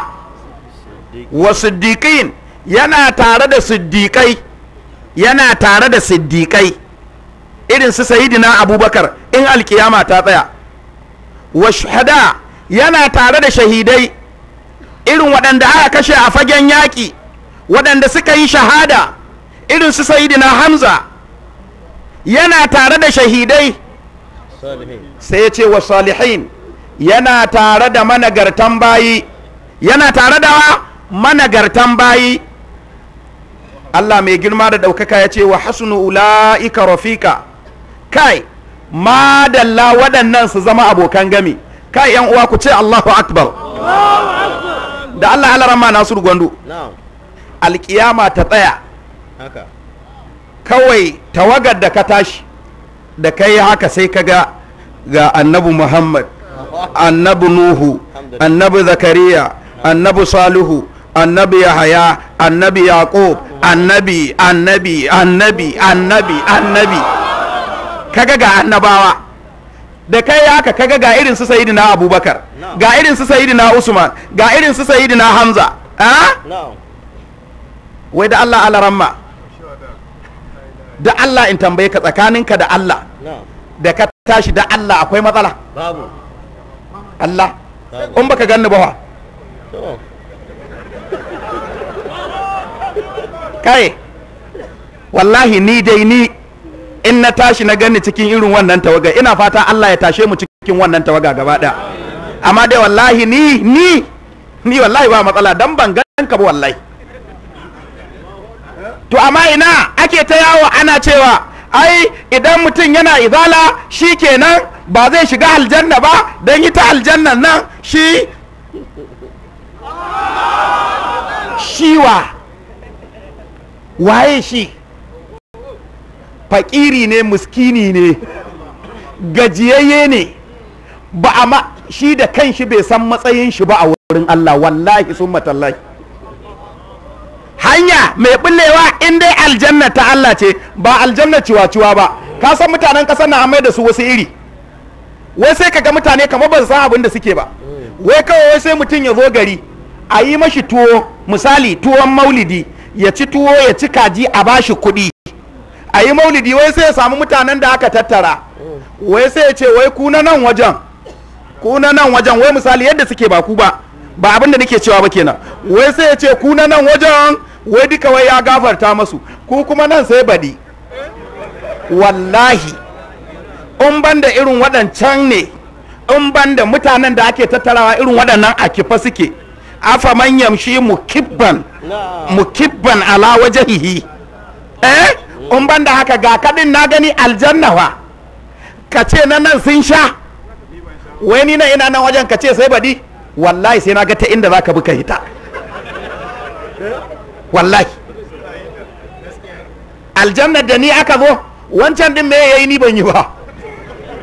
wa siddiqin yana tare da siddiqai yana tare da siddiqai irin su sayyidina abubakar in alkiyama ta tsaya wa shuhada yana tare da shahidai irin waɗanda aka kashe a fagen yaƙi waɗanda suka yi shahada irin su sayidina hamza yana tare da shahidai sai ya ce wa salihin yana tare da managartan bayi yana tare da managartan bayi Allah mai girma da ɗaukaka ya ce wa hasunu ula'ika rafika kai ma madalla waɗannan su zama abokan gami kai yan uwa ku ce Allahu akbar da Allah alarama Nasiru Gwandu alkiyama ta tsaya kawai tawagar da ka tashi da ka yi haka sai ka ga ga annabi muhammad annabi nuhu annabi zakariya annabi saluhu annabi yahaya annabi yaqub annabi annabi annabi annabi annabi kaga ga annabawa da kai haka kaga ga irin su sayidina abubakar ga irin su sayidina usman ga irin su sayidina hamza wai da allah alaramma da allah in tambaye ka tsakaninka da allah da ka tashi da allah akwai matsala allah in baka ganni ba kai wallahi ni dai ni in na tashi na gani cikin irin wannan tawaga ina fata Allah ya tashe mu cikin wannan tawaga gaba ɗaya amma dai wallahi ni ni ni wallahi ba matsala dan ban gan ka ba wallahi to amma ina ake ta yawo ana cewa ai idan mutum yana izala shi kenan ba zai shiga aljanna ba dan yi ta aljannan nan shi shiwa waye shi fakiri ne muskini ne gajiyayye ne ba a ma shi da kanshi bai san matsayin shi ba a wurin Allah wallahi sun matallahi hanya mai bullewa in dai aljanna ta Allah ce ba aljanna ciwa-ciwa ba ka san mutanen kasar na amai da su wasu iri wai sai kaga mutane kamar ba su san abin da suke ba wai kawai wai sai mutum ya zo gari a yi mashi tuwo misali tuwon maulidi ya ci tuwo ya ci kaji a bashi kuɗi a yi maulidi wai sai ya samu mutanen da aka tattara wai sai ya ce wai ku na nan wajen ku na nan wajen wai misali yadda suke ba ku ba ba abin da nake cewa ba kenan wai sai ya ce ku na nan wajen wai duka wai ya gafarta masu ku kuma nan sai baɗi wallahi in ban da irin waɗancan ne in ban da mutanen da ake tattarawa irin waɗannan a kifa suke afa man yamshi mukibban mukibban ala wajahihi eh in ban da haka ga kadin na gani aljanna fa ka ce na nan sun sha wai ni na ina nan wajen ka ce sai badi wallahi sai na ga ta inda za ka bi ka hita wallahi aljanna da ni aka zo wancan din me yayi ni ban yi ba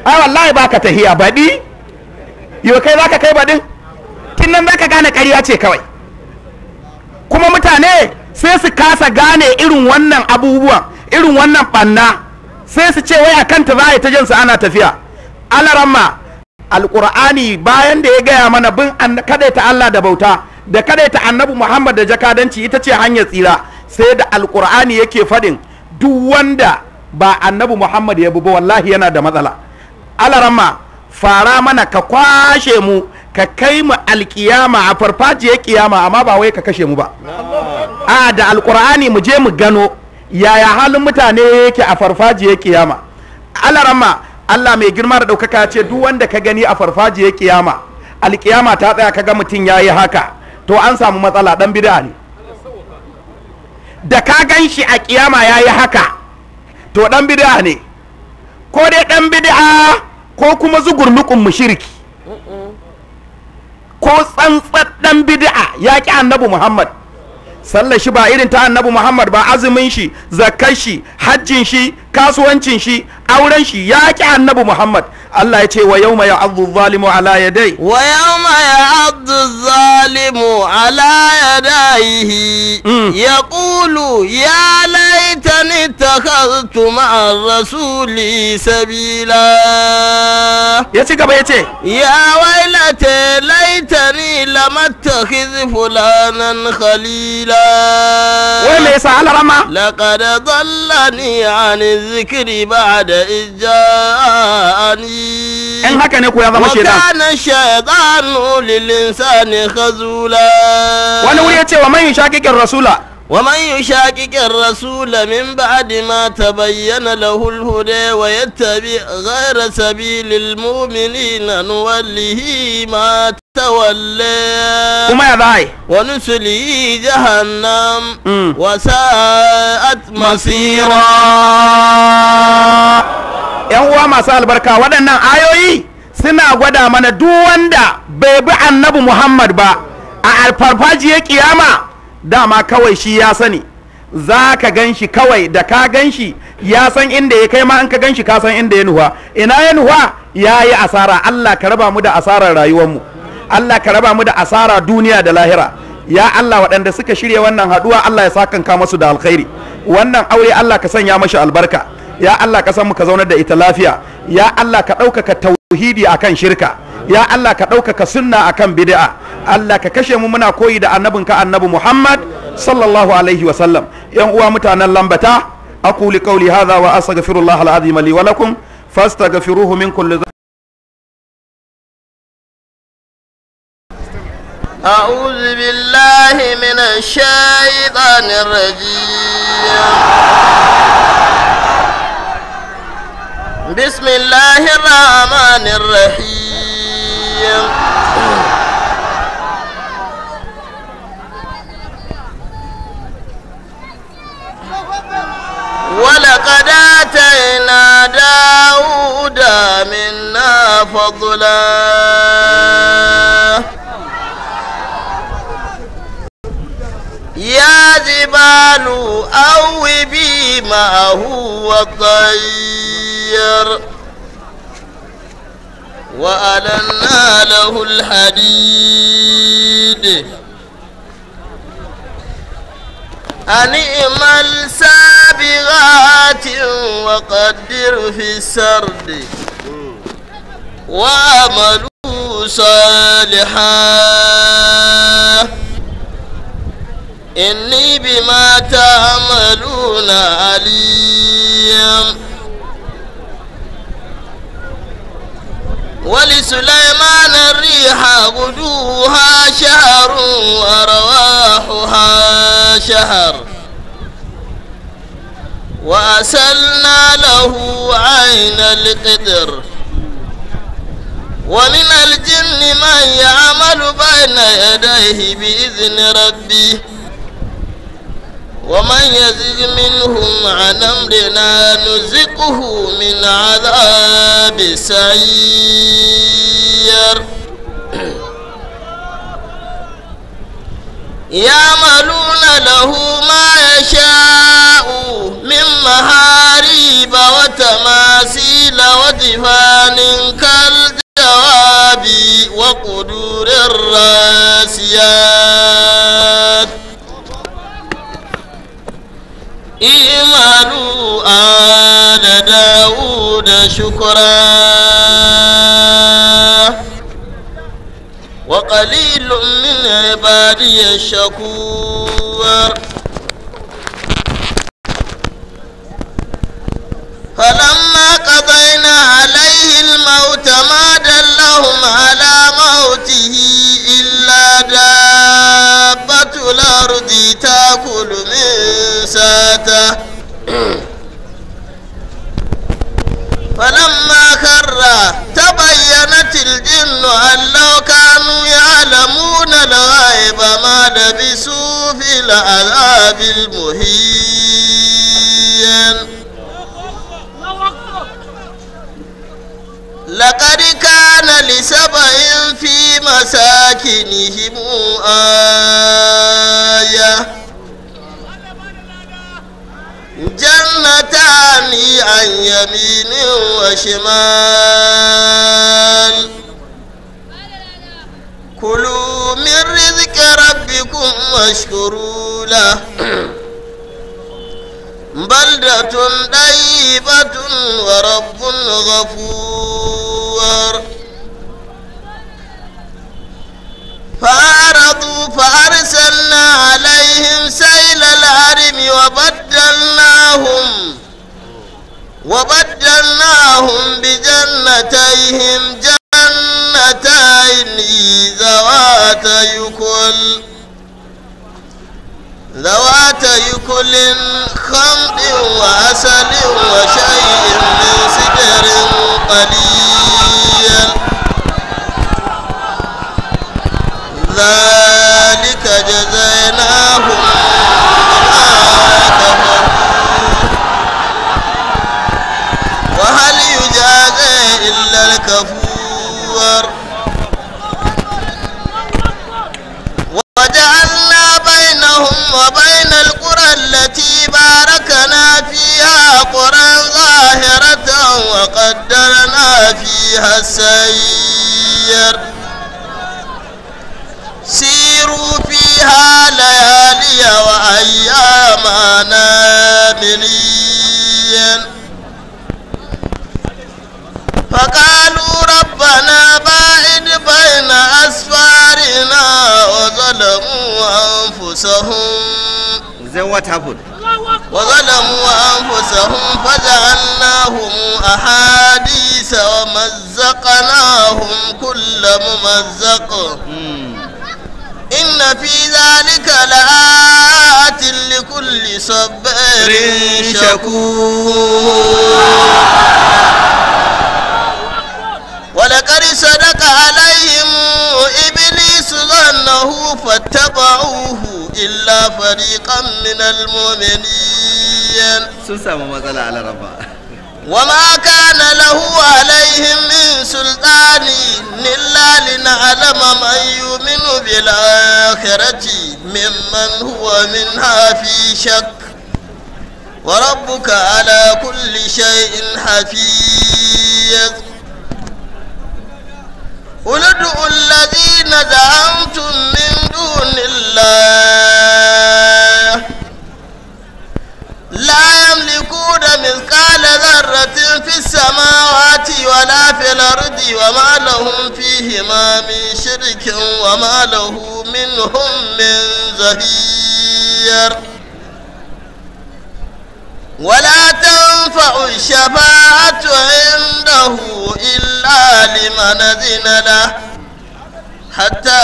ai wallahi baka tahiya badi yau kai zaka kai badi tun nan zaka gane ƙarya ce kawai kuma mutane sai su kasa gane irin wannan abubuwan irin wannan ɓanna sai su ce wai a kanta za a yi ta jinsu ana tafiya alaramma alƙur'ani bayan da ya gaya mana bin kadaita Allah da bauta da kadaita annabi Muhammad da jakadanci ita ce hanyar tsira sai da alƙur'ani yake faɗin duk wanda ba annabi Muhammad ya bi ba wallahi yana da matsala al-ramma fara mana ka kwashe mu ka kai mu alkiyama a farfajiyar kiyama amma ba wai ka kashe mu ba a da alkur'ani mu je mu gano yaya halin mutane yake a farfajiyar kiyama alarama Allah mai girma da ɗaukaka ce duk wanda ka gani a farfajiyar kiyama alkiyama ta tsaya ka ga mutum ya yi haka to an samu matsala ɗan bida ne da ka gan shi a kiyama ya yi haka to dan bida ne ko dai ɗan bida ko kuma zugurnukun mushiriki ko tsantsar dan bida ya ƙi annabi muhammad sallar shi ba irin ta annabi muhammad ba azumin shi zakar shi hajjin shi kasuwancin shi auren shi ya ki annabi muhammad allah ya ce wa yau mai abu zalimu ala dai? wa yau mai abdu zalimu ala yadaihi hmm. ya kulu ya laita ni takhaztu ma'ar rasuli sabila ya ci gaba ya ce ya wailata laita ni lamattakhiz fulanan khalila wai me yasa alarama laqad dhallani an zikiri ba da ijjani en haka ne ku ya zama wa kana shedan lilinsani khazula wani wuri ya ce wa mai shakikin rasula ومن يشاكك الرسول من بعد ما تبين له الهدى ويتبع غير سبيل المؤمنين نوله ما تولى ونسله جهنم وساءت مصيرا yan uwa masu albarka waɗannan ayoyi suna gwada mana duk wanda bai bi annabi muhammad ba a alfarfajiyar ƙiyama. dama kawai shi ya sani za ka gan shi kawai da ka gan shi ya san inda ya kai ma an ka gan shi ka san inda ya nuhuwa ina ya nuhuwa ya yi asara Allah ka raba mu da asarar rayuwarmu Allah ka raba mu da asara duniya da lahira ya Allah waɗanda suka shirya wannan haɗuwa Allah ya ka masu da alkhairi wannan aure Allah ka sanya mashi albarka ya Allah ka san mu ka zaunar da ita lafiya ya Allah ka ɗaukaka tauhidi akan shirka ya Allah ka ɗaukaka sunna akan bid'a Allah ka kashe mu muna koyi da annabinka annabi Muhammad sallallahu alaihi wa sallam yan uwa mutanen lambata aquli qawli hadha wa astaghfirullah al-azim li wa lakum fastaghfiruhu min kulli أعوذ بالله من الشيطان الرجيم بسم الله الرحمن الرحيم ولقد آتينا داود منا فضلا يا جبال أوبي هو الطير وألنا له الحديد أنئم السابغات وقدر في السرد وعملوا صالحا إني بما تعملون عليم ولسليمان الريح غدوها شهر ورواحها شهر وأسلنا له عين القدر ومن الجن من يعمل بين يديه بإذن ربه ومن يزج منهم عن أمرنا نزقه من عذاب سير يعملون له ما يشاء من محاريب وتماثيل ودفان كالجواب وقدور الراسيات إيمانوا آل داود شكرا وقليل من عبادي الشكور فلما قضينا عليه الموت ما دلهم على موته إلا دابة الأرض تأكل من ساته فلما خر تبينت الجن أن لو كانوا يعلمون الغيب ما لبثوا في العذاب المهين لقد كان لسبع في مساكنهم آية جنتان عن يمين وشمال كلوا من رزق ربكم واشكروا له بلدة طيبة ورب غفور فأعرضوا فأرسلنا عليهم سيل العرب وبدلناهم وبدلناهم بجنتيهم جنتين ذوات يكل ذوات يكل خمط وعسل وشيء من سدر قليل ذلك كفور وجعلنا بينهم وبين القرى التي باركنا فيها قرى ظاهرة وقدرنا فيها السير سيروا فيها ليالي وأياما نامنين فقالوا ربنا باعد بين أسفارنا وظلموا أنفسهم وظلموا أنفسهم فجعلناهم أحاديث ومزقناهم كل ممزق إن في ذلك لآيات لكل صبر شكور ولقد صدق عليهم إبليس ظنه فاتبعوه إلا فريقا من المؤمنين سنسام مثلا على ربا وما كان له عليهم من سلطان إلا لنعلم من يؤمن بالآخرة ممن هو منها في شك وربك على كل شيء حفيظ قل ادعوا الذين زعمتم من دون الله لا يملكون مثقال ذرة في السماوات ولا في الأرض وما لهم فيهما من شرك وما له منهم من زهير ولا تنفع الشفاعة عنده إلا لمن أذن له حتى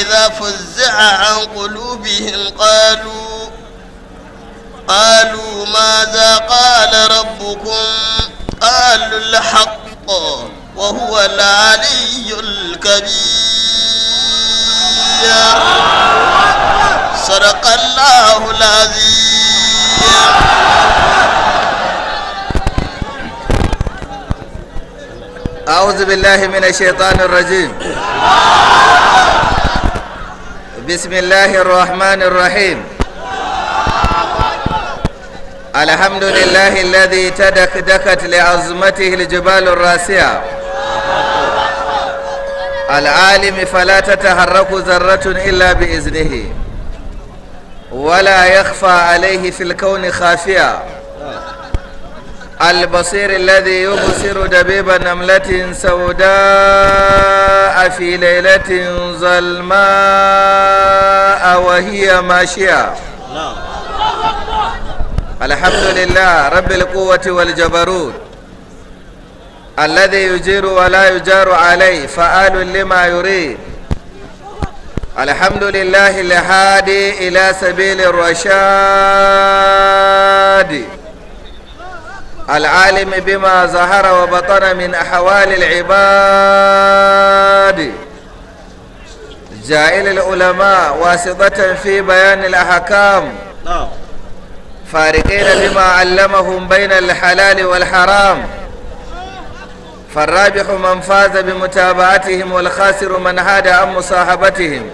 إذا فزع عن قلوبهم قالوا قالوا ماذا قال ربكم قالوا الحق وهو العلي الكبير صدق الله العظيم أعوذ بالله من الشيطان الرجيم بسم الله الرحمن الرحيم الحمد لله الذي تدكدكت لعظمته الجبال الراسية العالم فلا تتحرك ذرة إلا بإذنه ولا يخفى عليه في الكون خافيا البصير الذي يبصر دبيب نملة سوداء في ليلة ظلماء وهي ماشية الحمد لله رب القوة والجبروت الذي يجير ولا يجار عليه فآل لما يريد الحمد لله الهادي إلى سبيل الرشاد العالم بما ظهر وبطن من أحوال العباد جائل العلماء واسطة في بيان الأحكام فارقين بما علمهم بين الحلال والحرام فالرابح من فاز بمتابعتهم والخاسر من هاد عن مصاحبتهم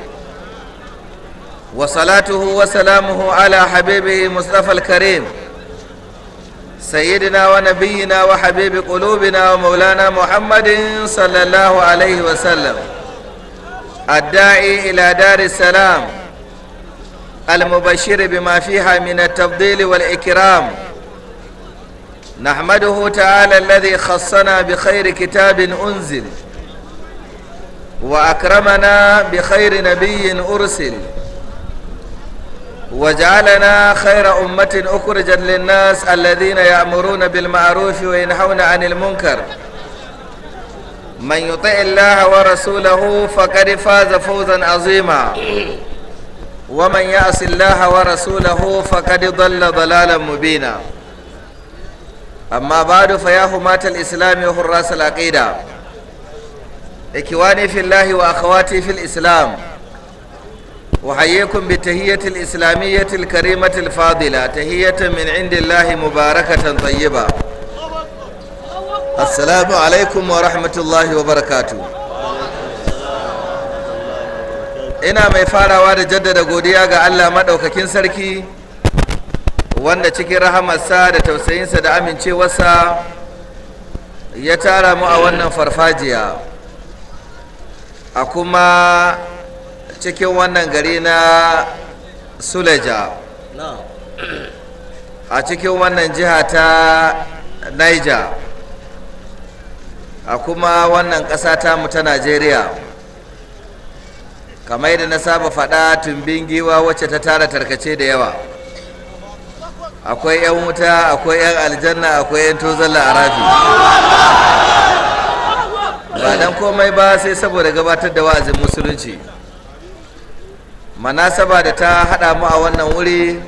وصلاته وسلامه على حبيبه مصطفى الكريم سيدنا ونبينا وحبيب قلوبنا ومولانا محمد صلى الله عليه وسلم الداعي إلى دار السلام المبشر بما فيها من التفضيل والإكرام نحمده تعالى الذي خصنا بخير كتاب أنزل وأكرمنا بخير نبي أرسل وجعلنا خير أمة أخرجت للناس الذين يأمرون بالمعروف وينهون عن المنكر من يطع الله ورسوله فقد فاز فوزا عظيما ومن يعص الله ورسوله فقد ضل ضلالا مبينا أما بعد فيا همات الإسلام وحراس العقيدة إخواني في الله وأخواتي في الإسلام وحييكم بتهية الإسلامية الكريمة الفاضلة تهية من عند الله مباركة طيبة السلام عليكم ورحمة الله وبركاته ina mai farawa da jaddada godiya ga Allah maɗaukakin sarki wanda cikin rahamarsa da tausayinsa da amincewarsa ya tara mu a wannan farfajiya a kuma cikin wannan gari na suleja a cikin wannan jiha ta niger a kuma wannan ƙasa tamu ta najeriya kamar yadda na saba faɗa tumbin giwa wacce ta tara tarkace da yawa akwai 'yan wuta akwai 'yan aljanna akwai 'yan tozalla a rafi. ba dan komai ba sai saboda gabatar da wa'azin musulunci manasaba da ta hada mu a wannan wuri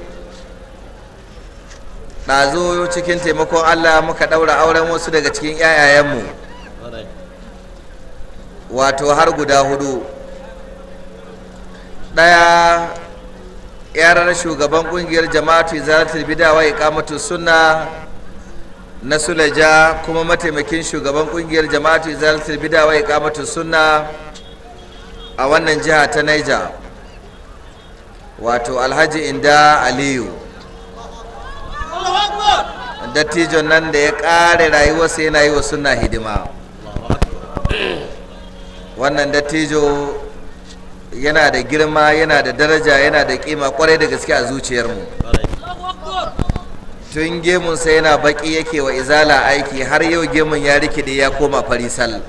ɗazu cikin taimakon allah muka daura auren wasu daga cikin 'ya'yayenmu wato har guda hudu daya yarar shugaban kungiyar jama'atu zaratul bidawa iqamatu sunna na sulaja kuma mataimakin shugaban ƙungiyar jama'atu zaratul bidawa iqamatu sunna a wannan jiha ta niger wato alhaji inda aliyu dattijon nan da ya rayuwa rayuwarsa yana yi wa suna hidima wannan dattijo yana da girma yana da daraja yana da kima kwarai da gaske a zuciyarmu tun gemun sai yana baki yake wa izala aiki har yau gemun ya rikide ya koma farisal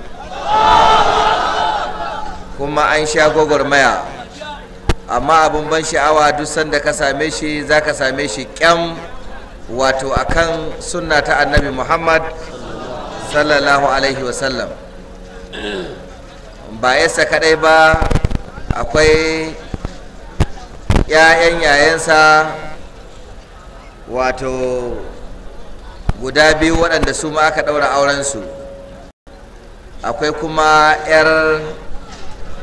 kuma an sha gwagwarmaya amma abin ban sha'awa duk sanda ka same shi za ka same shi kyam wato akan sunna ta annabi muhammad sallallahu alaihi wasallam ba yasa kadai ba akwai ‘ya'yan yayansa wato guda biyu waɗanda su ma aka ɗaura aurensu akwai kuma ‘yar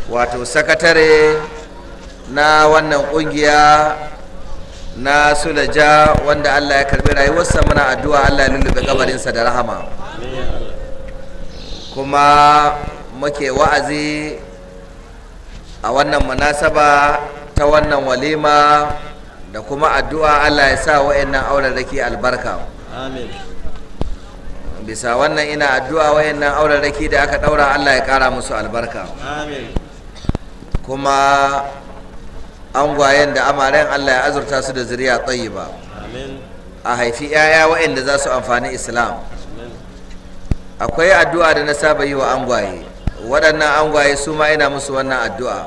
wato sakatare na wannan kungiya na sulaja wanda Allah ya karbi rayuwarsa muna addu'a Allah ya lullube kabarinsa da rahama kuma muke wa'azi a wannan munasaba ta wannan walima da kuma addu'a Allah ya sa wa'annan aurarraki albarka bisa wannan ina addu'a wa'annan aurarraki da aka daura Allah ya kara musu albarka kuma angwayen da amaren Allah ya azurta su da zuriya ba. a haifi 'ya'ya waɗanda za su amfani islam akwai addu'a da na saba yi wa angwaye waɗannan angwaye su ma ina musu wannan addu'a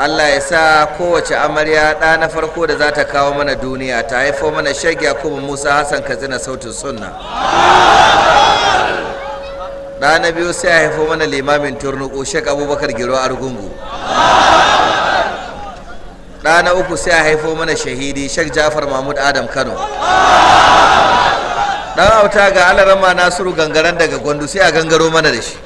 Allah ya sa kowace amarya ɗa na farko da za ta kawo mana duniya ta haifo mana shagya kuma musa hassan katsina sautin sunna ɗa na biyu sai a haifo mana limamin turnuku shek abubakar giro argungu ɗana uku sai a haifo mana shahidi shek jafar mahmud adam kano ɗan auta ga alarama nasiru gangaren daga gwandu sai a gangaro mana da shi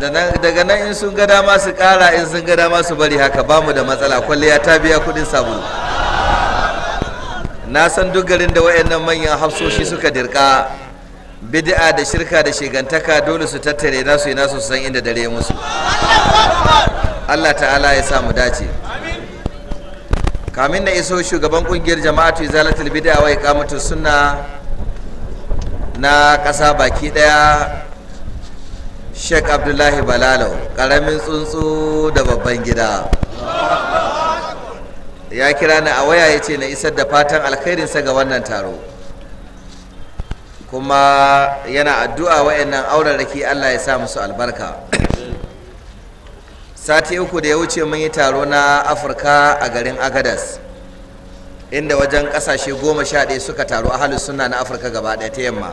daga nan in sun ga dama su ƙara in sun ga dama bari haka bamu da matsala kwalliya ta biya kuɗin sabulu na san duk garin da wayannan manyan hafsoshi suka dirka bid'a da shirka da shigantaka dole su tattare nasu yi nasu san inda dare musu Allah ta'ala ya sa mu dace kamin na iso shugaban kungiyar jama'atu izalatul bid'a wa iqamatu sunna na kasa baki ɗaya Sheikh Abdullahi Balalo karamin tsuntsu da babban gida ya kira ni a waya ya ce na isar da fatan alkhairinsa ga wannan taro kuma yana addu'a wa'annan auren raki Allah ya sa musu albarka sati uku da ya wuce mun yi taro na afirka a garin agadas inda wajen kasashe goma sha ɗaya suka taro a halin suna na afirka gaba ɗaya ta yamma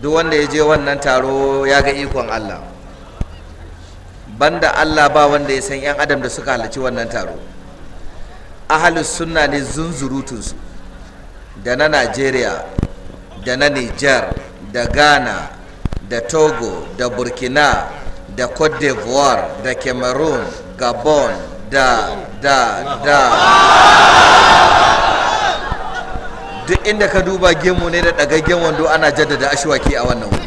duk wanda ya je wannan taro ya ga ikon allah banda allah ba wanda ya san 'yan adam da suka halarci wannan taro ahalus suna ne zunzurutunsu da na najeriya da na niger da ghana da togo da burkina da cote d'ivoire da cameroon gabon da da da duk inda ka duba gemu ne da ɗagaggen wando ana jaddada ashwaki a wannan wuri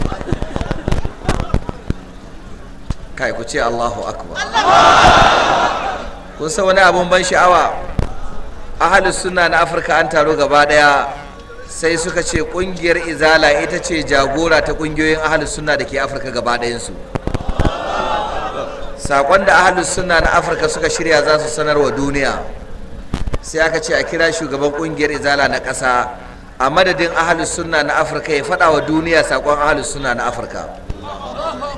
kai ku ce allahu akbar kun san wani abun ban sha'awa ahli suna na afirka an taro gaba daya sai suka ce kungiyar izala ita ce jagora ta kungiyoyin ahalus suna da ke afirka gaba dayansu su sakon da ahalus suna na afirka suka shirya za su sanar wa duniya sai aka ce a kira shugaban ƙungiyar izala na ƙasa a madadin ahalus suna na afirka ya faɗa wa duniya sakon ahalus suna na afirka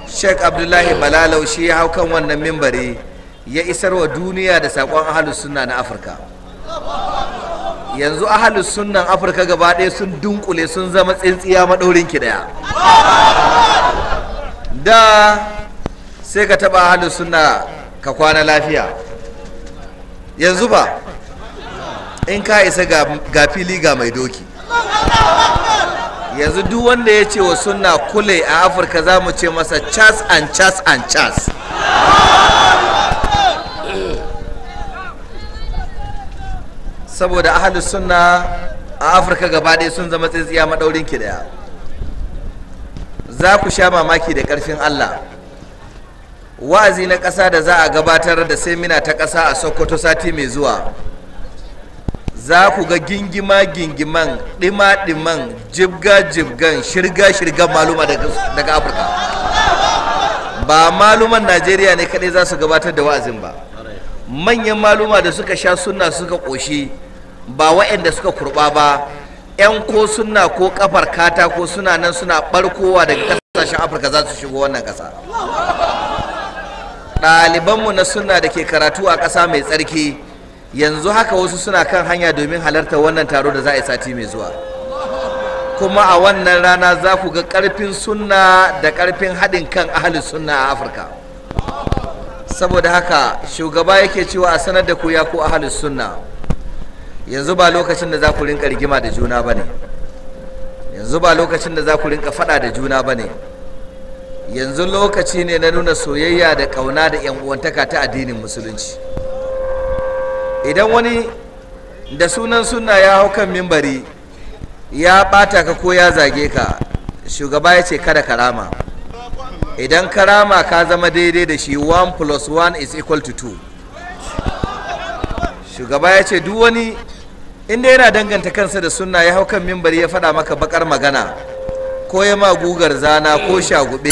sheik abdullahi balalau shi ya hau kan wannan mimbari ya isar wa duniya da sakon ahalus suna na afirka yanzu ahalus sunnan afirka gaba ɗaya sun dunkule sun zama tsintsiya maɗaurin ki ɗaya da sai ka taba halin suna ka kwana lafiya yanzu ba in ka isa ga fili ga mai doki yanzu duk wanda ya ce wa sunna kule a afirka za mu ce masa chas and chas and chas saboda ahalus sunna a afirka gabaɗaya sun zama tsintsiya maɗaurin ki daya za ku sha mamaki da ƙarfin allah wa'azi na ƙasa da za a gabatar da semina ta ƙasa a sokoto sati mai zuwa za ku ga gingima gingiman ɗima-ɗiman jibga-jibgan shirga-shirgan maluma daga afirka ba maluman najeriya ne kaɗai za su gabatar da wa'azin ba manyan maluma da suka sha suna suka ƙoshi ba wa'anda suka kurɓa ba 'yan ko sunna ko kafar katako suna nan suna ɓarkowa daga ƙasashen afirka za su shigo wannan ƙasa ɗalibanmu na suna da ke karatu a ƙasa mai tsarki yanzu haka wasu suna kan hanya domin halarta wannan taro da za a yi sati mai zuwa kuma a wannan rana za ku ga ƙarfin suna da ƙarfin haɗin kan ahalin suna a afirka saboda haka shugaba yake cewa a sanar da ku ya ku ahalin suna. yanzu ba lokacin da za ku rinka rigima da juna ba ne yanzu ba lokacin da za ku rinka faɗa da juna ba ne yanzu lokaci ne na nuna soyayya da ƙauna da 'yan ta addinin musulunci idan wani da sunan suna ya hau kan mimbari ya ɓata ka ko ya zage ka shugaba ya ce kada karama idan karama ka zama daidai da shi 1 plus 1 is equal to 2 shugaba ya ce duk wani inda yana danganta kansa da suna ya hau kan mimbari ya faɗa maka bakar magana ko ya ma gugar zana ko shagube